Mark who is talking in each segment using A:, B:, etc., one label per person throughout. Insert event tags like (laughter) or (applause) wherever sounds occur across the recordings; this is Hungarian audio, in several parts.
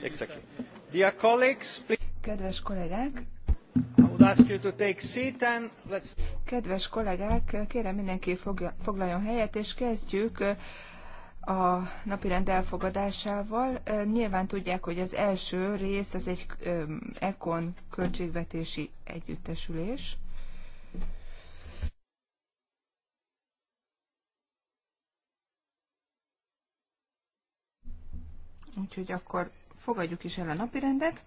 A: Kedves kollégák,
B: Kedves kollégák, kérem mindenki foglaljon helyet, és kezdjük a napirend elfogadásával. Nyilván tudják, hogy az első rész az egy ECON költségvetési együttesülés. Úgyhogy akkor fogadjuk is el a napirendet,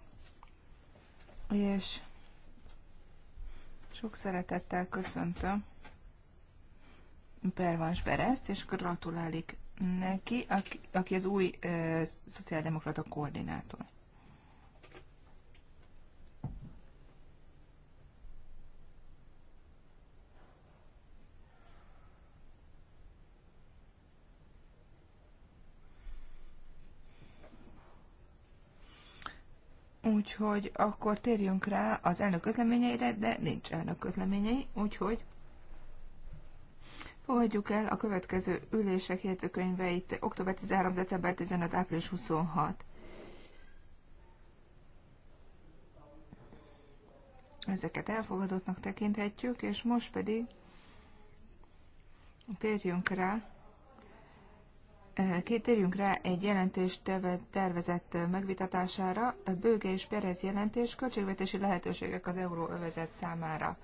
B: és sok szeretettel köszöntöm Pervans Berezt, és gratulálik neki, aki, az új ö, szociáldemokrata koordinátor. Úgyhogy akkor térjünk rá az elnök közleményeire, de nincs elnök közleményei, úgyhogy fogadjuk el a következő ülések jegyzőkönyveit október 13, december 15, április 26. Ezeket elfogadottnak tekinthetjük, és most pedig térjünk rá Kitérjünk rá egy jelentés tervezett megvitatására, Bőge és Perez jelentés költségvetési lehetőségek az euróövezet számára.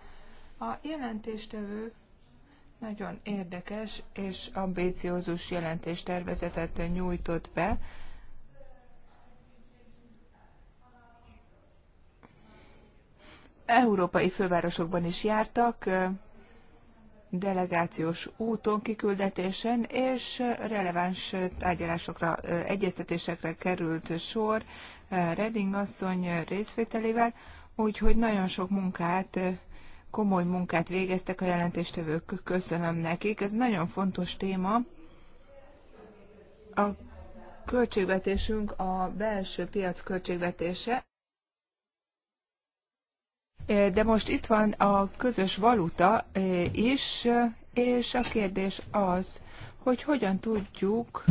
B: A jelentéstevő nagyon érdekes és ambíciózus jelentéstervezetet nyújtott be. Európai fővárosokban is jártak, delegációs úton, kiküldetésen, és releváns tárgyalásokra, egyeztetésekre került sor Reding asszony részvételével, úgyhogy nagyon sok munkát, komoly munkát végeztek a jelentéstevők, köszönöm nekik. Ez nagyon fontos téma. A költségvetésünk a belső piac költségvetése. De most itt van a közös valuta e, is, e, és a kérdés az, hogy hogyan tudjuk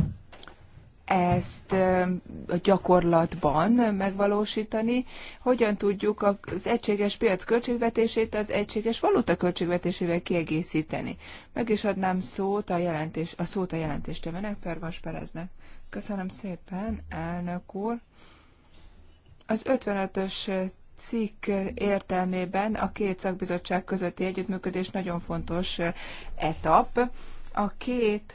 B: ezt e, a gyakorlatban megvalósítani, hogyan tudjuk az egységes piac költségvetését az egységes valuta költségvetésével kiegészíteni. Meg is adnám szót a, jelentés, a szót a jelentéstevenek, Pervas Pereznek. Köszönöm szépen, elnök úr. Az 55-ös cikk értelmében a két szakbizottság közötti együttműködés nagyon fontos eh, etap. A két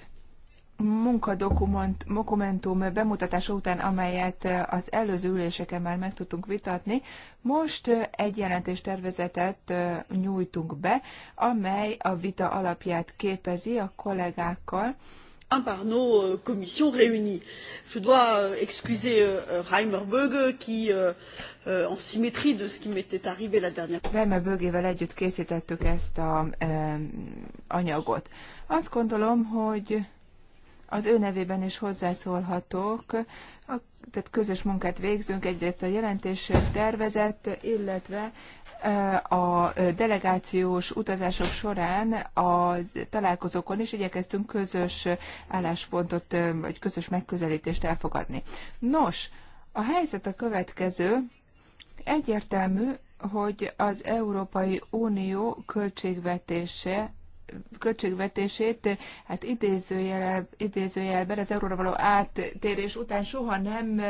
B: munkadokumentum bemutatása után, amelyet eh, az előző üléseken már meg tudtunk vitatni, most eh, egy jelentéstervezetet nyújtunk be, amely a vita alapját képezi a kollégákkal, un par nos euh, commissions réunies. je dois euh, excuser euh, reimer böge qui en symétrie de ce qui m'était arrivé la dernière fois. Reimer bögével együtt készítettük ezt a e, anyagot. Azt gondolom, hogy az ő nevében is hozzászólhatok. A tehát közös munkát végzünk, egyrészt a jelentés tervezett, illetve eh, a delegációs utazások során a találkozókon is igyekeztünk közös álláspontot, eh, vagy közös megközelítést elfogadni. Nos, a helyzet a következő, egyértelmű, hogy az Európai Unió költségvetése költségvetését, hát idézőjel, idézőjelben az euróra való áttérés után soha nem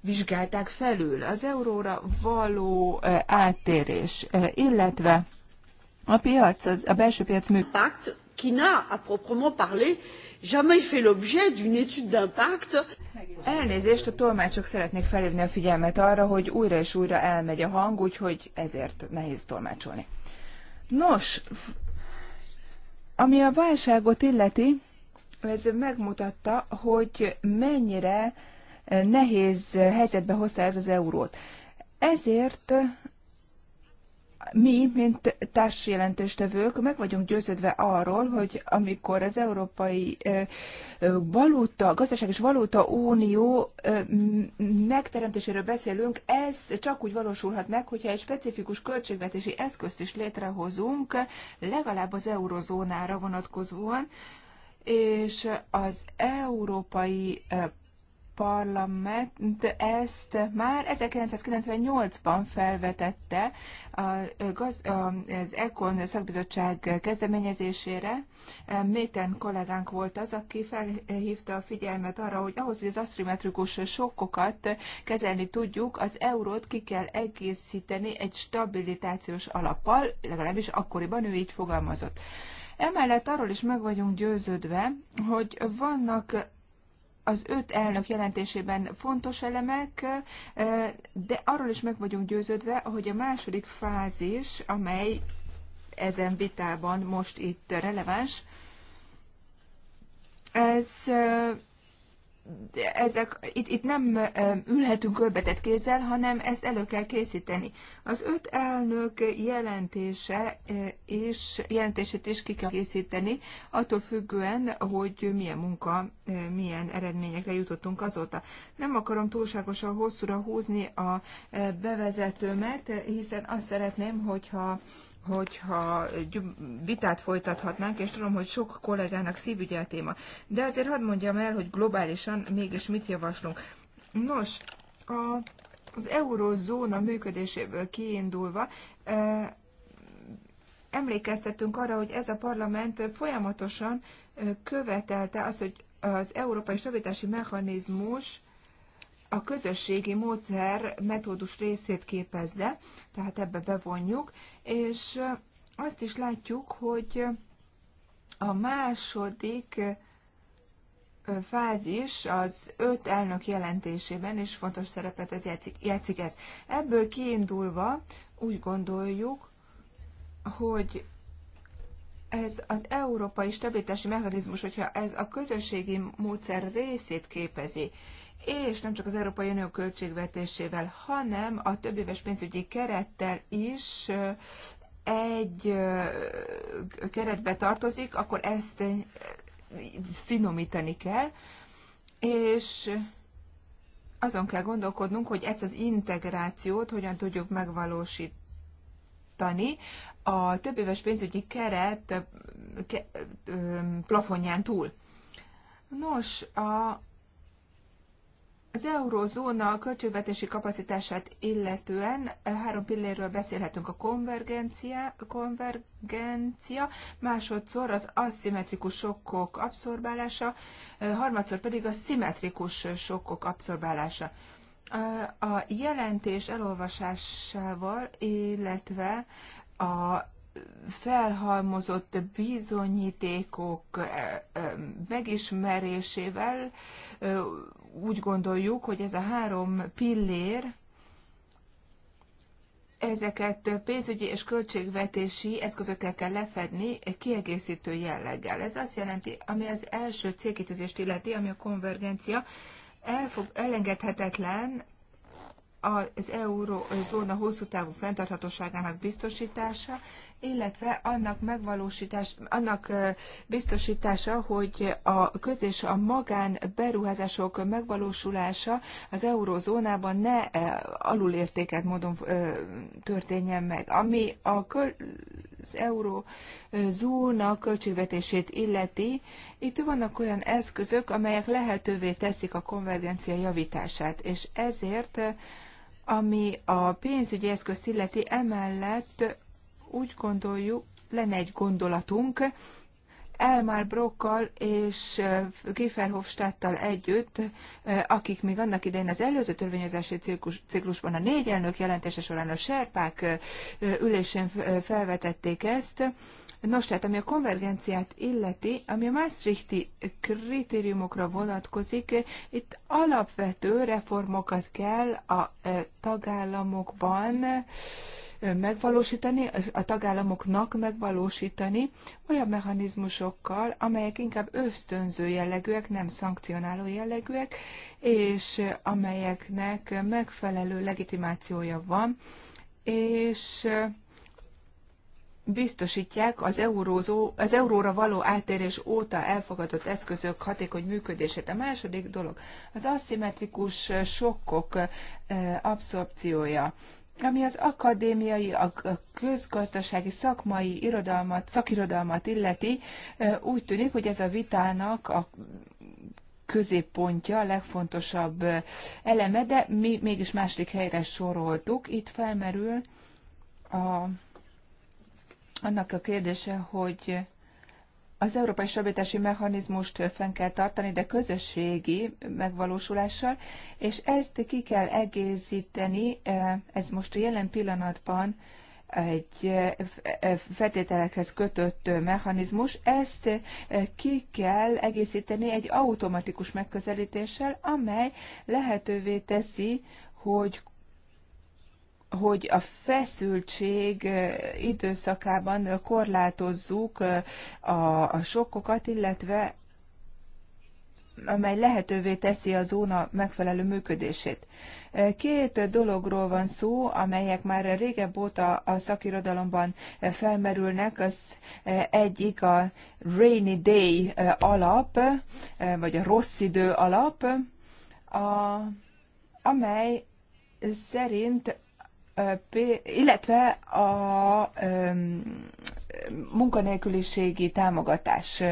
B: vizsgálták felül az euróra való áttérés, illetve a piac, az, a belső piac működik qui n'a, à proprement parler, jamais fait l'objet d'une étude d'impact. Elnézést, a tolmácsok szeretnék felhívni a figyelmet arra, hogy újra és újra elmegy a hang, úgyhogy ezért nehéz tolmácsolni. Nos, ami a válságot illeti, ez megmutatta, hogy mennyire nehéz helyzetbe hozta ez az eurót. Ezért mi, mint társjelentéstevők meg vagyunk győződve arról, hogy amikor az Európai Valuta, Gazdaság és Valuta Unió megteremtéséről beszélünk, ez csak úgy valósulhat meg, hogyha egy specifikus költségvetési eszközt is létrehozunk, legalább az eurozónára vonatkozóan, és az európai Parlament ezt már 1998-ban felvetette az ECON szakbizottság kezdeményezésére. Méten kollégánk volt az, aki felhívta a figyelmet arra, hogy ahhoz, hogy az asztrimetrikus sokkokat kezelni tudjuk, az eurót ki kell egészíteni egy stabilitációs alappal, legalábbis akkoriban ő így fogalmazott. Emellett arról is meg vagyunk győződve, hogy vannak az öt elnök jelentésében fontos elemek, de arról is meg vagyunk győződve, hogy a második fázis, amely ezen vitában most itt releváns, ez ezek, itt, itt nem ülhetünk öbbetett kézzel, hanem ezt elő kell készíteni. Az öt elnök jelentése és jelentését is ki kell készíteni, attól függően, hogy milyen munka, milyen eredményekre jutottunk azóta. Nem akarom túlságosan hosszúra húzni a bevezetőmet, hiszen azt szeretném, hogyha hogyha vitát folytathatnánk, és tudom, hogy sok kollégának szívügye a téma. De azért hadd mondjam el, hogy globálisan mégis mit javaslunk. Nos, a, az eurozóna működéséből kiindulva e, emlékeztetünk arra, hogy ez a parlament folyamatosan követelte azt, hogy az európai stabilitási mechanizmus a közösségi módszer metódus részét képezze, tehát ebbe bevonjuk, és azt is látjuk, hogy a második fázis az öt elnök jelentésében is fontos szerepet ez játszik, játszik ez. Ebből kiindulva úgy gondoljuk, hogy ez az európai stabilitási mechanizmus, hogyha ez a közösségi módszer részét képezi, és nem csak az Európai Unió költségvetésével, hanem a éves pénzügyi kerettel is egy keretbe tartozik, akkor ezt finomítani kell, és azon kell gondolkodnunk, hogy ezt az integrációt hogyan tudjuk megvalósítani a éves pénzügyi keret plafonján túl. Nos, a az eurozóna költségvetési kapacitását illetően három pillérről beszélhetünk a konvergencia, konvergencia másodszor az aszimmetrikus sokkok abszorbálása, harmadszor pedig a szimmetrikus sokkok abszorbálása. A jelentés elolvasásával, illetve a felhalmozott bizonyítékok megismerésével úgy gondoljuk, hogy ez a három pillér, ezeket pénzügyi és költségvetési eszközökkel kell lefedni kiegészítő jelleggel. Ez azt jelenti, ami az első célkitűzést illeti, ami a konvergencia, elfog, elengedhetetlen az eurózóna hosszú távú fenntarthatóságának biztosítása, illetve annak megvalósítás, annak biztosítása, hogy a köz és a magán beruházások megvalósulása az eurozónában ne alulértékelt módon történjen meg. Ami a az eurozóna költségvetését illeti, itt vannak olyan eszközök, amelyek lehetővé teszik a konvergencia javítását, és ezért ami a pénzügyi eszközt illeti, emellett úgy gondoljuk, lenne egy gondolatunk, Elmar Brokkal és Gifferhofstadttal együtt, akik még annak idején az előző törvényezési ciklus, ciklusban a négy elnök jelentése során a serpák ülésén felvetették ezt. Nos, tehát ami a konvergenciát illeti, ami a Maastrichti kritériumokra vonatkozik, itt alapvető reformokat kell a tagállamokban megvalósítani, a tagállamoknak megvalósítani olyan mechanizmusokkal, amelyek inkább ösztönző jellegűek, nem szankcionáló jellegűek, és amelyeknek megfelelő legitimációja van, és biztosítják az, eurózó, az euróra való átérés óta elfogadott eszközök hatékony működését. A második dolog az aszimmetrikus sokkok eh, abszorpciója. Ami az akadémiai, a közgazdasági szakmai irodalmat, szakirodalmat illeti, úgy tűnik, hogy ez a vitának a középpontja, a legfontosabb eleme, de mi mégis második helyre soroltuk. Itt felmerül a, annak a kérdése, hogy az európai stabilitási mechanizmust fenn kell tartani, de közösségi megvalósulással, és ezt ki kell egészíteni, e, ez most a jelen pillanatban egy e, e, feltételekhez kötött mechanizmus, ezt ki kell egészíteni egy automatikus megközelítéssel, amely lehetővé teszi, hogy hogy a feszültség időszakában korlátozzuk a, a sokkokat, illetve amely lehetővé teszi a zóna megfelelő működését. Két dologról van szó, amelyek már régebb óta a szakirodalomban felmerülnek. Az egyik a rainy day alap, vagy a rossz idő alap, a, amely szerint illetve a munkanélküliségi támogatás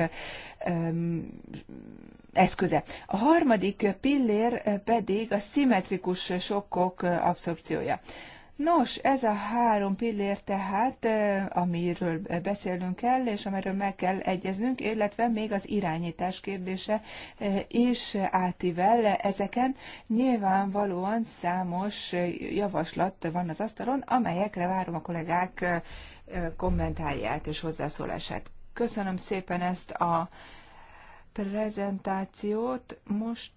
B: eszköze. A harmadik pillér pedig a szimmetrikus sokkok abszorpciója. Nos, ez a három pillér tehát, amiről beszélnünk kell, és amiről meg kell egyeznünk, illetve még az irányítás kérdése is átível ezeken. Nyilvánvalóan számos javaslat van az asztalon, amelyekre várom a kollégák kommentálját és hozzászólását. Köszönöm szépen ezt a prezentációt. Most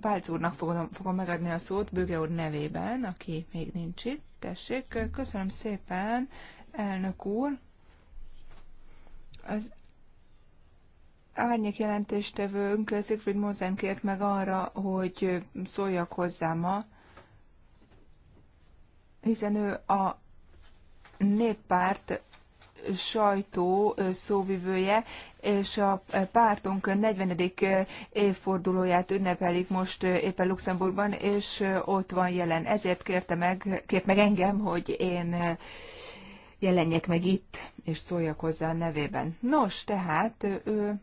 B: Bálc úrnak fogom, fogom megadni a szót Bőge úr nevében, aki még nincs itt. Tessék, köszönöm szépen, elnök úr. Az árnyék jelentéstevőnk Siegfried Mozen kért meg arra, hogy szóljak hozzá ma, hiszen ő a néppárt sajtó szóvivője, és a pártunk 40. évfordulóját ünnepelik most éppen Luxemburgban, és ott van jelen. Ezért kérte meg, kért meg engem, hogy én jelenjek meg itt, és szóljak hozzá a nevében. Nos, tehát ő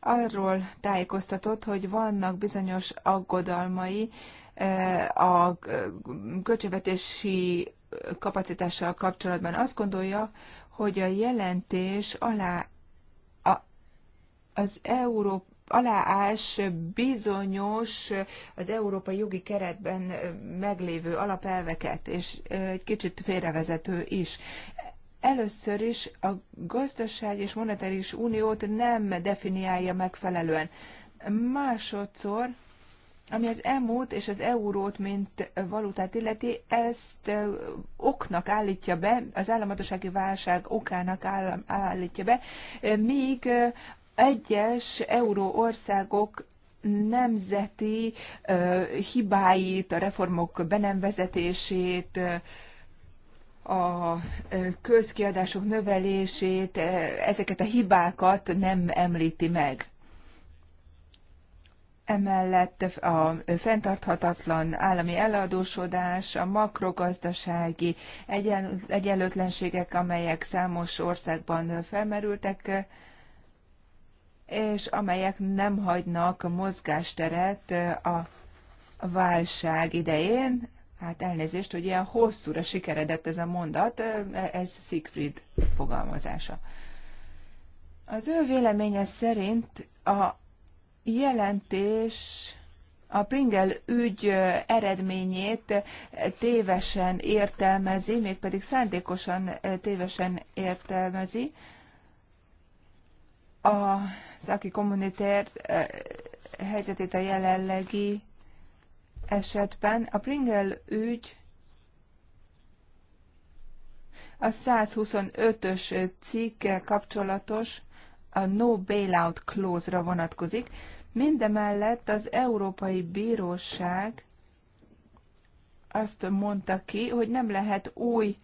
B: arról tájékoztatott, hogy vannak bizonyos aggodalmai a költségvetési kapacitással kapcsolatban. Azt gondolja, hogy a jelentés alá a, az Európa aláás bizonyos az európai jogi keretben meglévő alapelveket, és egy kicsit félrevezető is. Először is a gazdaság és monetáris uniót nem definiálja megfelelően. Másodszor ami az EMU-t és az eurót, mint valutát illeti, ezt oknak állítja be, az államadósági válság okának állítja be, míg egyes euró országok nemzeti hibáit, a reformok benemvezetését, a közkiadások növelését, ezeket a hibákat nem említi meg. Emellett a fenntarthatatlan állami eladósodás, a makrogazdasági egyen, egyenlőtlenségek, amelyek számos országban felmerültek, és amelyek nem hagynak mozgásteret a válság idején. Hát elnézést, hogy ilyen hosszúra sikeredett ez a mondat, ez Siegfried fogalmazása. Az ő véleménye szerint a jelentés a Pringel ügy eredményét tévesen értelmezi, mégpedig szándékosan tévesen értelmezi. A Szaki Kommunitár helyzetét a jelenlegi esetben. A Pringel ügy a 125-ös cikk kapcsolatos a no bailout clause-ra vonatkozik Mindemellett az Európai Bíróság azt mondta ki, hogy nem lehet új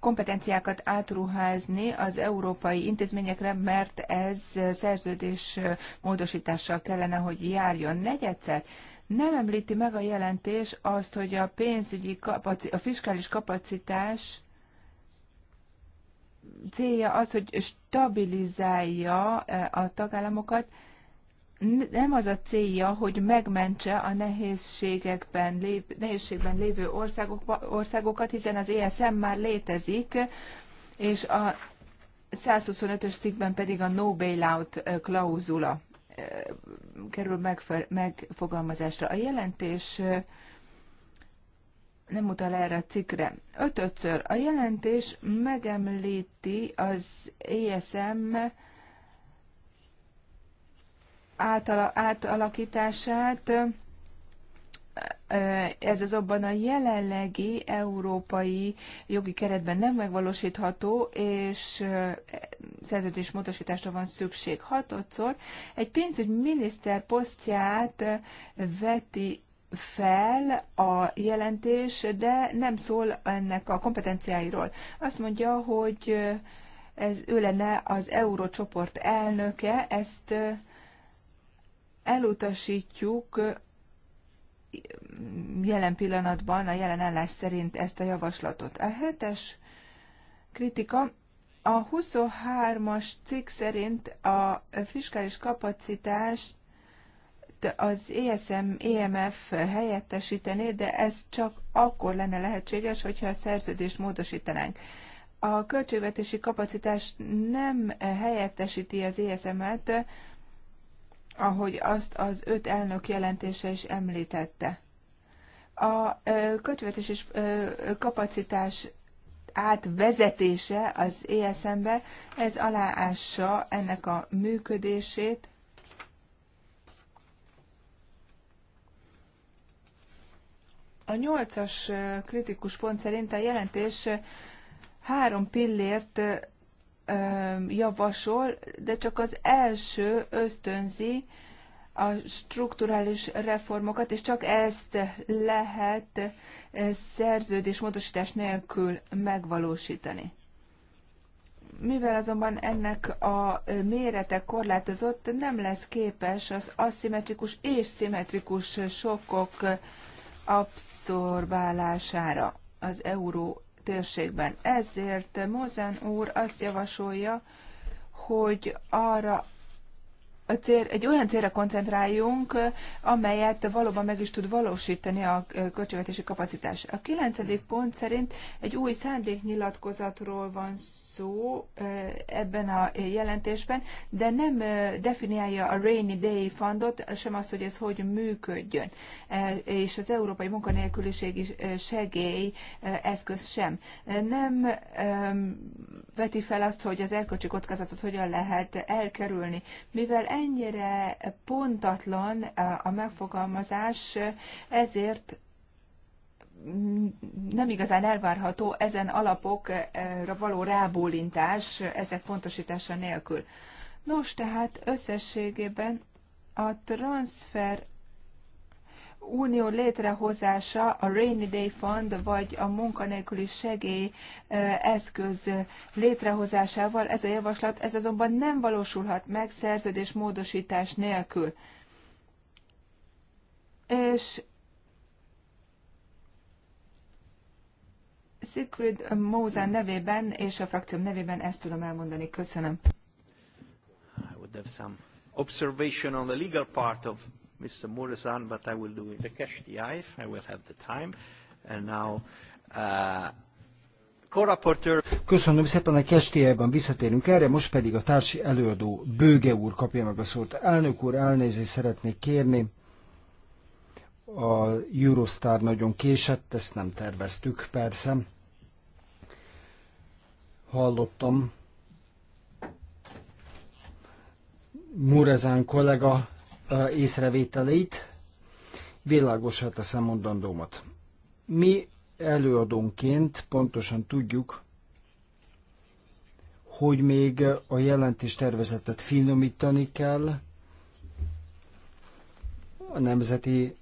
B: kompetenciákat átruházni az európai intézményekre, mert ez szerződés módosítással kellene, hogy járjon. Negyedszer nem említi meg a jelentés azt, hogy a pénzügyi kapaci- a fiskális kapacitás célja az, hogy stabilizálja eh, a tagállamokat, nem az a célja, hogy megmentse a nehézségekben lév, nehézségben lévő országok, országokat, hiszen az ESM már létezik, és a 125-ös cikkben pedig a no bailout klauzula kerül megfer, megfogalmazásra. A jelentés nem utal erre a cikkre. Ötötször a jelentés megemlíti az ESM átala, átalakítását. Ez azonban a jelenlegi európai jogi keretben nem megvalósítható, és szerződés módosításra van szükség. Hatodszor egy pénzügyminiszter posztját veti fel a jelentés, de nem szól ennek a kompetenciáiról. Azt mondja, hogy ez ő lenne az eurócsoport elnöke, ezt elutasítjuk jelen pillanatban, a jelen állás szerint ezt a javaslatot. A hetes kritika a 23-as cikk szerint a fiskális kapacitást az ESM, EMF helyettesítené, de ez csak akkor lenne lehetséges, hogyha a szerződést módosítanánk. A költségvetési kapacitás nem helyettesíti az ESM-et, ahogy azt az öt elnök jelentése is említette. A kötvetés és kapacitás átvezetése az ESM-be, ez aláássa ennek a működését, A nyolcas kritikus pont szerint a jelentés három pillért javasol, de csak az első ösztönzi a strukturális reformokat, és csak ezt lehet szerződés nélkül megvalósítani. Mivel azonban ennek a mérete korlátozott, nem lesz képes az aszimmetrikus és szimmetrikus sokkok abszorbálására az euró térségben. Ezért Mozen úr azt javasolja, hogy arra a cél, egy olyan célra koncentráljunk, amelyet valóban meg is tud valósítani a költségvetési kapacitás. A kilencedik pont szerint egy új szándéknyilatkozatról van szó ebben a jelentésben, de nem definiálja a Rainy Day Fundot, sem azt, hogy ez hogy működjön, e, és az Európai Munkanélküliségi Segély eszköz sem. Nem veti fel azt, hogy az erkölcsi kockázatot hogyan lehet elkerülni, mivel ennyire pontatlan eh, a megfogalmazás, ezért nem igazán elvárható ezen alapokra eh, való rábólintás ezek pontosítása nélkül. Nos, tehát összességében a transfer unió létrehozása, a Rainy Day Fund vagy a munkanélküli segély eszköz létrehozásával ez a javaslat, ez azonban nem valósulhat meg szerződés módosítás nélkül. És Siegfried Mózán nevében és a frakcióm nevében ezt tudom elmondani. Köszönöm.
A: I would have some observation on the legal part of Mr. Muresan, but I will do it the cash DI if I will have the time. And now, uh, Köszönöm szépen, a kestiájban visszatérünk erre, most pedig a társi előadó Bőge úr kapja meg a szót. Elnök úr, elnézést szeretnék kérni. A Eurostar nagyon késett, ezt nem terveztük, persze. Hallottam, Murezán kollega észrevételeit, világosra teszem mondandómat. Mi előadónként pontosan tudjuk, hogy még a jelentés tervezetet finomítani kell, a nemzeti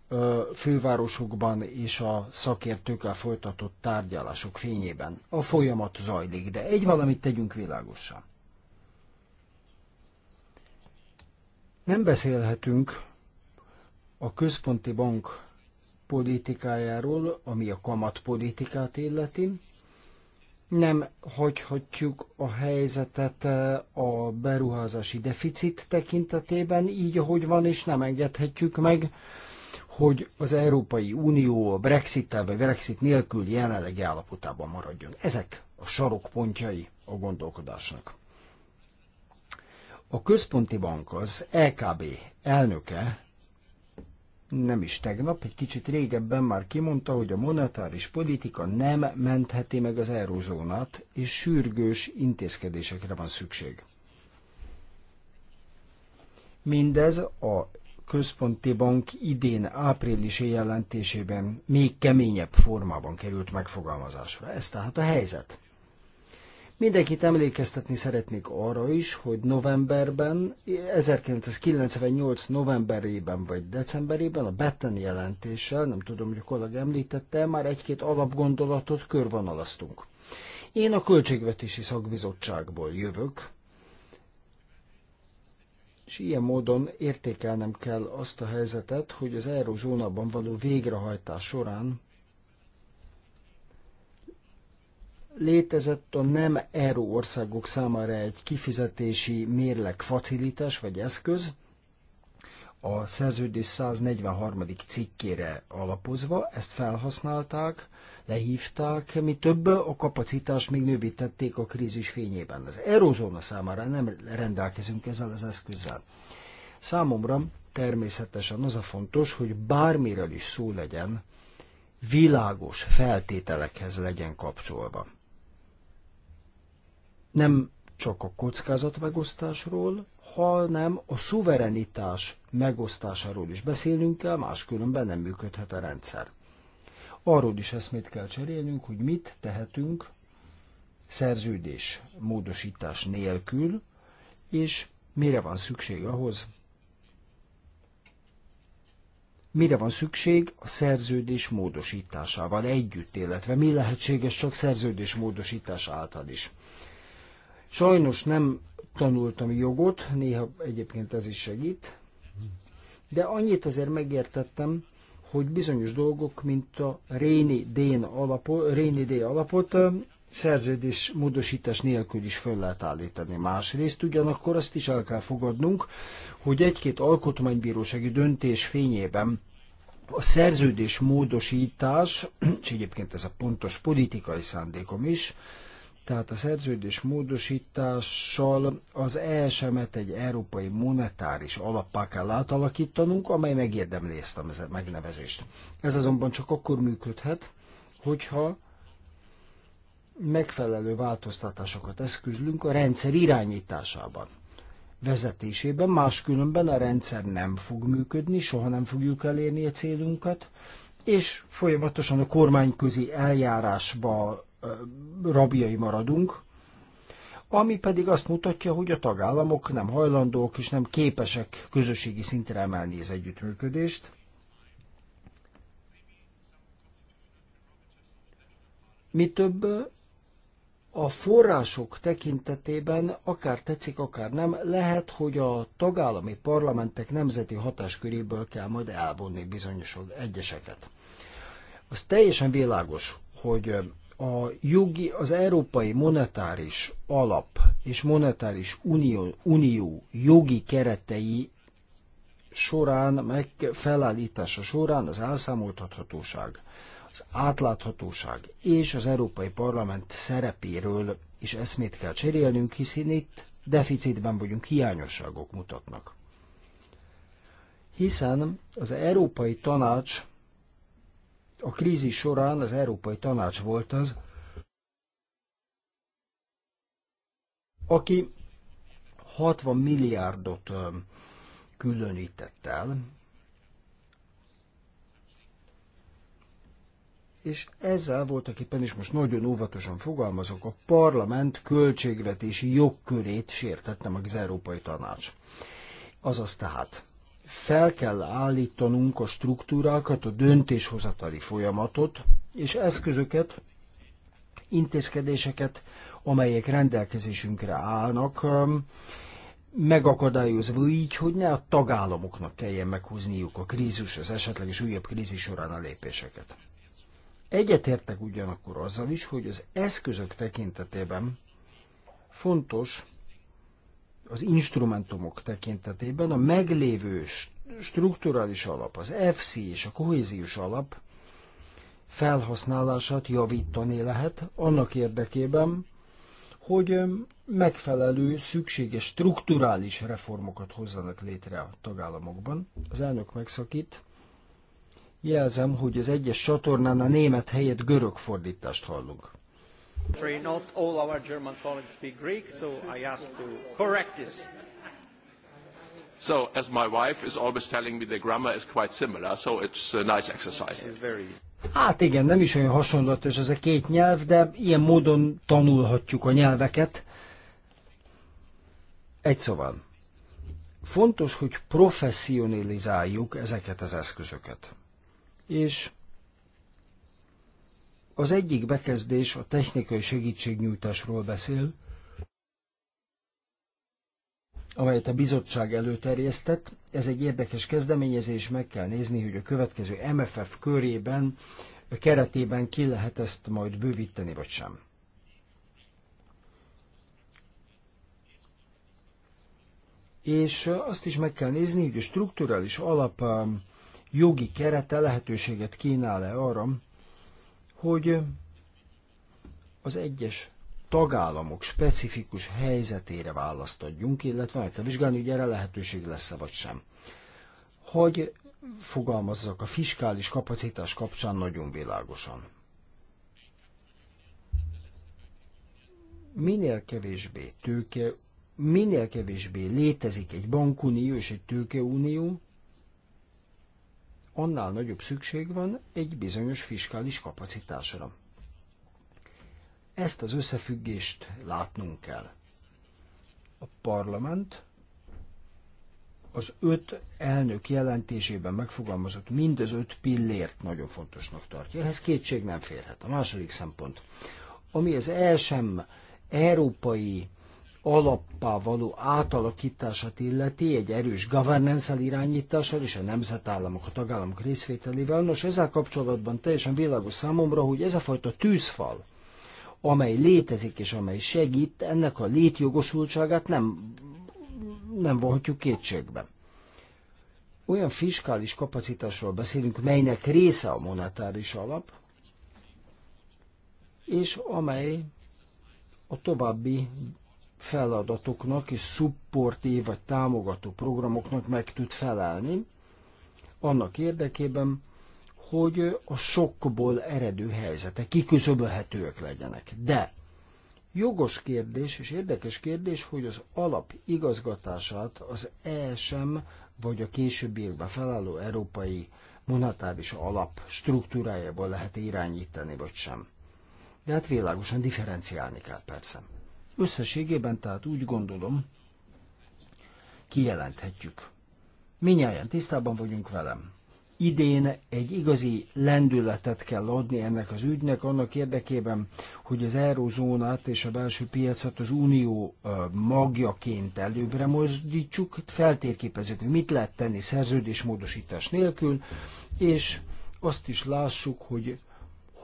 A: fővárosokban és a szakértőkkel folytatott tárgyalások fényében. A folyamat zajlik, de egy valamit tegyünk világosan. Nem beszélhetünk a központi bank politikájáról, ami a kamatpolitikát illeti. Nem hagyhatjuk a helyzetet e, a beruházási deficit tekintetében így, ahogy van, és nem engedhetjük meg, hogy az Európai Unió a Brexit-tel vagy Brexit nélkül jelenlegi állapotában maradjon. Ezek a sarokpontjai a gondolkodásnak. A központi bank, az LKB e elnöke nem is tegnap, egy kicsit régebben már kimondta, hogy a monetáris politika nem mentheti meg az eurozónát, és sürgős intézkedésekre van szükség. Mindez a központi bank idén áprilisi jelentésében még keményebb formában került megfogalmazásra. Ez tehát a helyzet. Mindenkit emlékeztetni szeretnék arra is, hogy novemberben, 1998 novemberében vagy decemberében a Betten jelentéssel, nem tudom, hogy a kollega említette, már egy-két alapgondolatot körvonalaztunk. Én a Költségvetési Szakbizottságból jövök, és ilyen módon értékelnem kell azt a helyzetet, hogy az eurózónában való végrehajtás során létezett a nem euró országok számára egy kifizetési mérleg facilitás vagy eszköz, a szerződés 143. cikkére alapozva, ezt felhasználták, lehívták, mi több a kapacitást még növítették a krízis fényében. Az erózóna számára nem rendelkezünk ezzel az eszközzel. Számomra természetesen az a fontos, hogy bármiről is szó legyen, világos feltételekhez legyen kapcsolva nem csak a kockázat megosztásról, hanem a szuverenitás megosztásáról is beszélnünk kell, máskülönben nem működhet a rendszer. Arról is eszmét kell cserélnünk, hogy mit tehetünk szerződés módosítás nélkül, és mire van szükség ahhoz, mire van szükség a szerződés módosításával együtt, illetve mi lehetséges csak szerződés módosítás által is. Sajnos nem tanultam jogot, néha egyébként ez is segít, de annyit azért megértettem, hogy bizonyos dolgok, mint a Réni, D. alapot, Réni D alapot szerződés módosítás nélkül is föl lehet állítani. Másrészt ugyanakkor azt is el kell fogadnunk, hogy egy-két alkotmánybírósági döntés fényében a szerződés módosítás, és egyébként ez a pontos politikai szándékom is, tehát a szerződés módosítással az ESM-et egy európai monetáris alappá kell átalakítanunk, amely megérdemli ezt a megnevezést. Ez azonban csak akkor működhet, hogyha megfelelő változtatásokat eszközlünk a rendszer irányításában vezetésében, máskülönben a rendszer nem fog működni, soha nem fogjuk elérni a célunkat, és folyamatosan a kormányközi eljárásba rabjai maradunk, ami pedig azt mutatja, hogy a tagállamok nem hajlandók és nem képesek közösségi szintre emelni az együttműködést. Mi több, a források tekintetében, akár tetszik, akár nem, lehet, hogy a tagállami parlamentek nemzeti hatásköréből kell majd elvonni bizonyos egyeseket. Az teljesen világos, hogy a jogi, az Európai Monetáris Alap és Monetáris Unió, Unió jogi keretei során, meg felállítása során az elszámoltathatóság, az átláthatóság és az Európai Parlament szerepéről is eszmét kell cserélnünk, hiszen itt deficitben vagyunk, hiányosságok mutatnak. Hiszen az Európai Tanács a krízis során az Európai Tanács volt az, aki 60 milliárdot különített el, és ezzel voltak éppen, és most nagyon óvatosan fogalmazok, a parlament költségvetési jogkörét sértette meg az Európai Tanács. Azaz tehát fel kell állítanunk a struktúrákat, a döntéshozatali folyamatot, és eszközöket, intézkedéseket, amelyek rendelkezésünkre állnak, megakadályozva így, hogy ne a tagállamoknak kelljen meghozniuk a krízis, az esetleges újabb krízis során a lépéseket. Egyetértek ugyanakkor azzal is, hogy az eszközök tekintetében fontos, az instrumentumok tekintetében a meglévő strukturális alap, az FC és a kohéziós alap felhasználását javítani lehet annak érdekében, hogy megfelelő, szükséges strukturális reformokat hozzanak létre a tagállamokban. Az elnök megszakít. Jelzem, hogy az egyes csatornán a német helyett görög fordítást hallunk. Not all our German colleagues speak Greek, so I ask to correct this.
C: So, as my wife is always telling me, the grammar is quite similar, so it's a nice exercise. It's very easy.
A: Hát igen, nem is olyan hasonlatos ez a két nyelv, de ilyen módon tanulhatjuk a nyelveket. Egy szóval, fontos, hogy professzionalizáljuk ezeket az eszközöket. És az egyik bekezdés a technikai segítségnyújtásról beszél, amelyet a bizottság előterjesztett. Ez egy érdekes kezdeményezés, meg kell nézni, hogy a következő MFF körében, keretében ki lehet ezt majd bővíteni, vagy sem. És azt is meg kell nézni, hogy a strukturális alap um, jogi kerete lehetőséget kínál-e arra, hogy az egyes tagállamok specifikus helyzetére választ adjunk, illetve meg kell vizsgálni, hogy erre lehetőség lesz-e vagy sem. Hogy fogalmazzak a fiskális kapacitás kapcsán nagyon világosan. Minél kevésbé tőke, minél kevésbé létezik egy bankunió és egy tőkeunió, annál nagyobb szükség van egy bizonyos fiskális kapacitásra. Ezt az összefüggést látnunk kell. A parlament az öt elnök jelentésében megfogalmazott mind az öt pillért nagyon fontosnak tartja. Ehhez kétség nem férhet. A második szempont, ami az ESM európai alappá való átalakítását illeti, egy erős governance-el irányítással és a nemzetállamok, a tagállamok részvételével. Nos, ezzel kapcsolatban teljesen világos számomra, hogy ez a fajta tűzfal, amely létezik és amely segít, ennek a létjogosultságát nem, nem vonhatjuk kétségbe. Olyan fiskális kapacitásról beszélünk, melynek része a monetáris alap, és amely a további feladatoknak és szupportív vagy támogató programoknak meg tud felelni, annak érdekében, hogy a sokkból eredő helyzetek kiküszöbölhetőek legyenek. De jogos kérdés és érdekes kérdés, hogy az alap igazgatását az ESM vagy a későbbi évben felálló európai monetáris alap struktúrájából lehet irányítani, vagy sem. De hát világosan differenciálni kell persze. Összességében tehát úgy gondolom, kijelenthetjük. Minnyáján tisztában vagyunk velem. Idén egy igazi lendületet kell adni ennek az ügynek annak érdekében, hogy az eurozónát és a belső piacot az unió magjaként előbbre mozdítsuk, feltérképezzük, hogy mit lehet tenni szerződésmódosítás nélkül, és azt is lássuk, hogy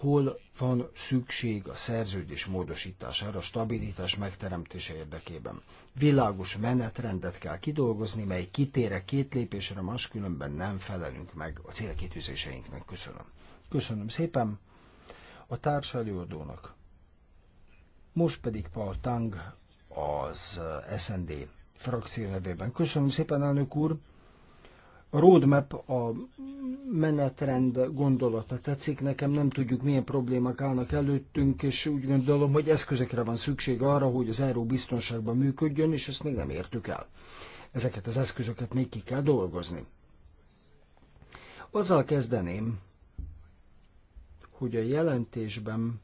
A: hol van szükség a szerződés módosítására, a stabilitás megteremtése érdekében. Világos menetrendet kell kidolgozni, mely kitére a két lépésre, máskülönben nem felelünk meg a célkitűzéseinknek. Köszönöm. Köszönöm szépen a társelőadónak. Most pedig Paul Tang az SND frakció nevében. Köszönöm szépen, elnök úr! roadmap, a menetrend gondolata tetszik nekem, nem tudjuk milyen problémák állnak előttünk, és úgy gondolom, hogy eszközekre van szükség arra, hogy az euró biztonságban működjön, és ezt még nem értük el. Ezeket az eszközöket még ki kell dolgozni. Azzal kezdeném, hogy a jelentésben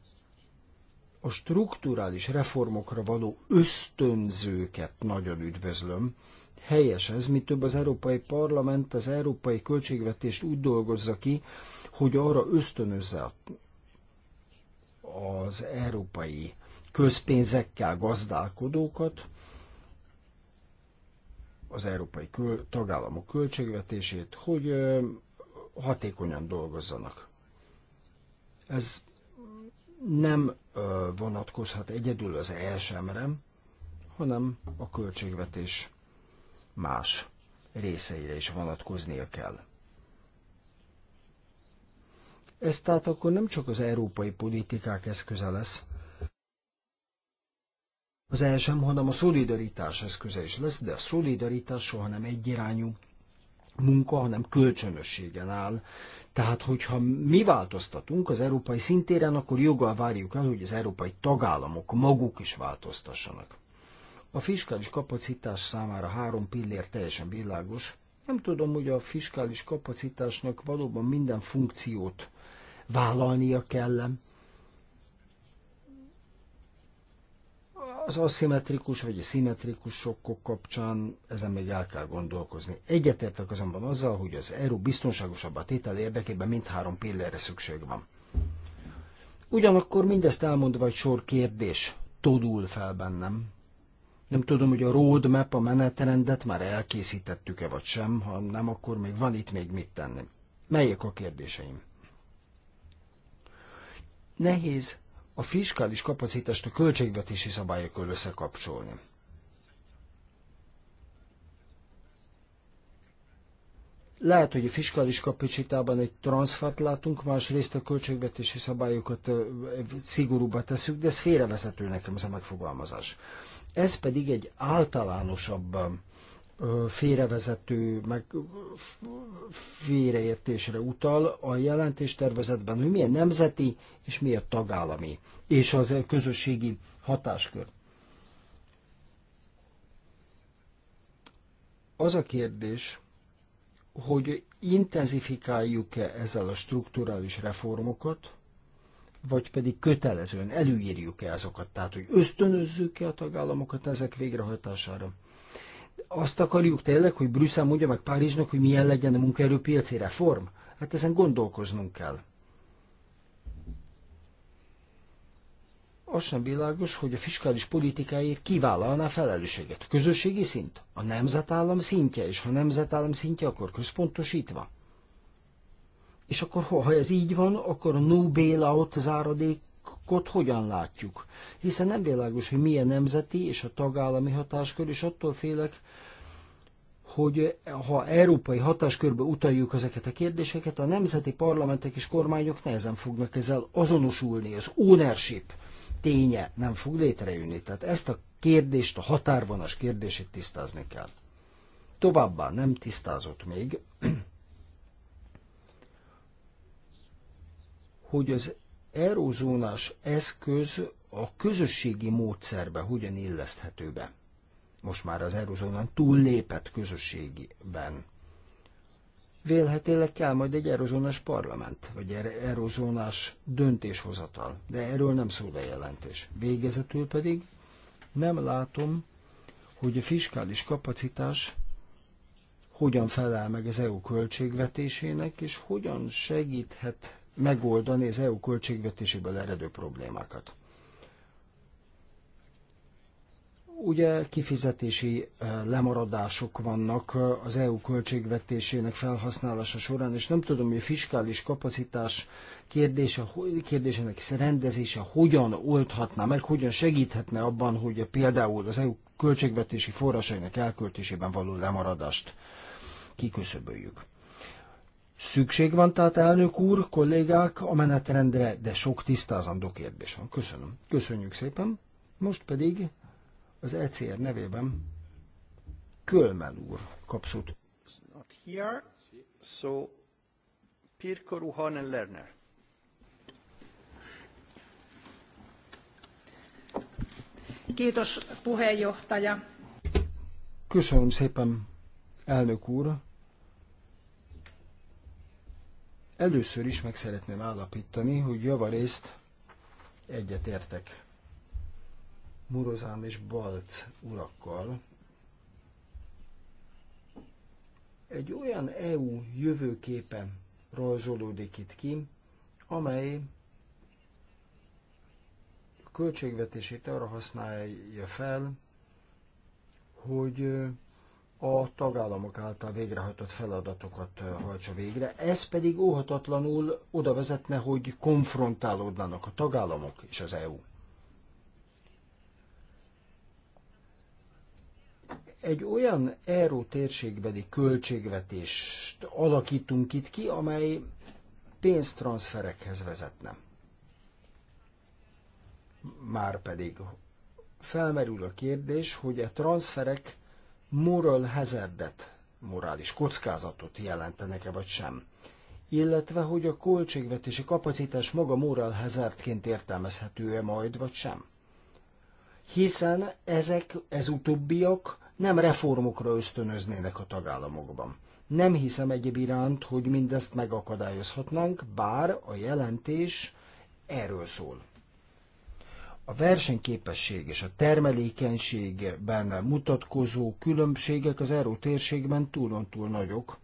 A: a strukturális reformokra való ösztönzőket nagyon üdvözlöm, Helyes ez, mi több az Európai Parlament az európai költségvetést úgy dolgozza ki, hogy arra ösztönözze az európai közpénzekkel gazdálkodókat, az európai kül- tagállamok költségvetését, hogy hatékonyan dolgozzanak. Ez nem vonatkozhat egyedül az ESM-re, hanem a költségvetés más részeire is vonatkoznia kell. Ez tehát akkor nem csak az európai politikák eszköze lesz, az el sem, hanem a szolidaritás eszköze is lesz, de a szolidaritás soha nem egyirányú munka, hanem kölcsönösségen áll. Tehát, hogyha mi változtatunk az európai szintéren, akkor joggal várjuk el, hogy az európai tagállamok maguk is változtassanak. A fiskális kapacitás számára három pillér teljesen világos. Nem tudom, hogy a fiskális kapacitásnak valóban minden funkciót vállalnia kell az aszimmetrikus vagy a szimmetrikus sokkok kapcsán ezen még el kell gondolkozni. Egyetértek azonban azzal, hogy az erő biztonságosabb a tétel érdekében mindhárom pillére szükség van. Ugyanakkor mindezt elmondva egy sor kérdés todul fel bennem. Nem tudom, hogy a roadmap, a menetrendet már elkészítettük-e vagy sem, ha nem, akkor még van itt még mit tenni. Melyek a kérdéseim? Nehéz a fiskális kapacitást a költségvetési szabályokkal összekapcsolni. Lehet, hogy a fiskális kapacitában egy transfert látunk, másrészt a költségvetési szabályokat szigorúbbá tesszük, de ez félrevezető nekem ez a megfogalmazás. Ez pedig egy általánosabb félrevezető, meg félreértésre utal a jelentéstervezetben, hogy mi a nemzeti és mi a tagállami, és az közösségi hatáskör. Az a kérdés, hogy intenzifikáljuk-e ezzel a strukturális reformokat, vagy pedig kötelezően előírjuk-e azokat, tehát hogy ösztönözzük-e a tagállamokat ezek végrehajtására. Azt akarjuk tényleg, hogy Brüsszel mondja meg Párizsnak, hogy milyen legyen a munkaerőpiaci reform? Hát ezen gondolkoznunk kell. az sem világos, hogy a fiskális politikáért kivállalná a felelősséget. A közösségi szint? A nemzetállam szintje, és ha nemzetállam szintje, akkor központosítva. És akkor, ha ez így van, akkor a no bailout záradékot hogyan látjuk? Hiszen nem világos, hogy milyen nemzeti és a tagállami hatáskör, és attól félek, hogy ha európai hatáskörbe utaljuk ezeket a kérdéseket, a nemzeti parlamentek és kormányok nehezen fognak ezzel azonosulni. Az ownership ténye nem fog létrejönni. Tehát ezt a kérdést, a határvonas kérdését tisztázni kell. Továbbá nem tisztázott még, (clears throat) hogy az erózónás eszköz a közösségi módszerbe hogyan illeszthető be. Most már az erózónán túllépett közösségiben vélhetőleg kell majd egy erozónás parlament, vagy erozónás döntéshozatal, de erről nem szól a jelentés. Végezetül pedig nem látom, hogy a fiskális kapacitás hogyan felel meg az EU költségvetésének, és hogyan segíthet megoldani az EU költségvetéséből eredő problémákat. Ugye kifizetési lemaradások vannak az EU költségvetésének felhasználása során, és nem tudom, hogy a fiskális kapacitás kérdése, kérdésének rendezése hogyan oldhatná meg, hogyan segíthetne abban, hogy például az EU költségvetési forrásainak elköltésében való lemaradást kiküszöböljük. Szükség van tehát, elnök úr, kollégák, a menetrendre, de sok tisztázandó kérdés van. Köszönöm. Köszönjük szépen. Most pedig az ECR nevében Kölmel úr kapszót. so Pirko Lerner.
B: Kiitos puheenjohtaja.
A: Köszönöm szépen, elnök úr. Először is meg szeretném állapítani, hogy javarészt egyetértek Murozám és Balc urakkal, egy olyan EU jövőképe rajzolódik itt ki, amely költségvetését arra használja fel, hogy a tagállamok által végrehajtott feladatokat hajtsa végre. Ez pedig óhatatlanul oda vezetne, hogy konfrontálódnának a tagállamok és az EU. egy olyan euró térségbeli költségvetést alakítunk itt ki, amely pénztranszferekhez vezetne. Márpedig felmerül a kérdés, hogy a transferek moral hazardet, morális kockázatot jelentenek-e vagy sem, illetve hogy a költségvetési kapacitás maga moral hazardként értelmezhető-e majd vagy sem. Hiszen ezek, ez utóbbiak nem reformokra ösztönöznének a tagállamokban. Nem hiszem egyéb iránt, hogy mindezt megakadályozhatnánk, bár a jelentés erről szól. A versenyképesség és a termelékenységben mutatkozó különbségek az euró térségben túlon túl nagyok.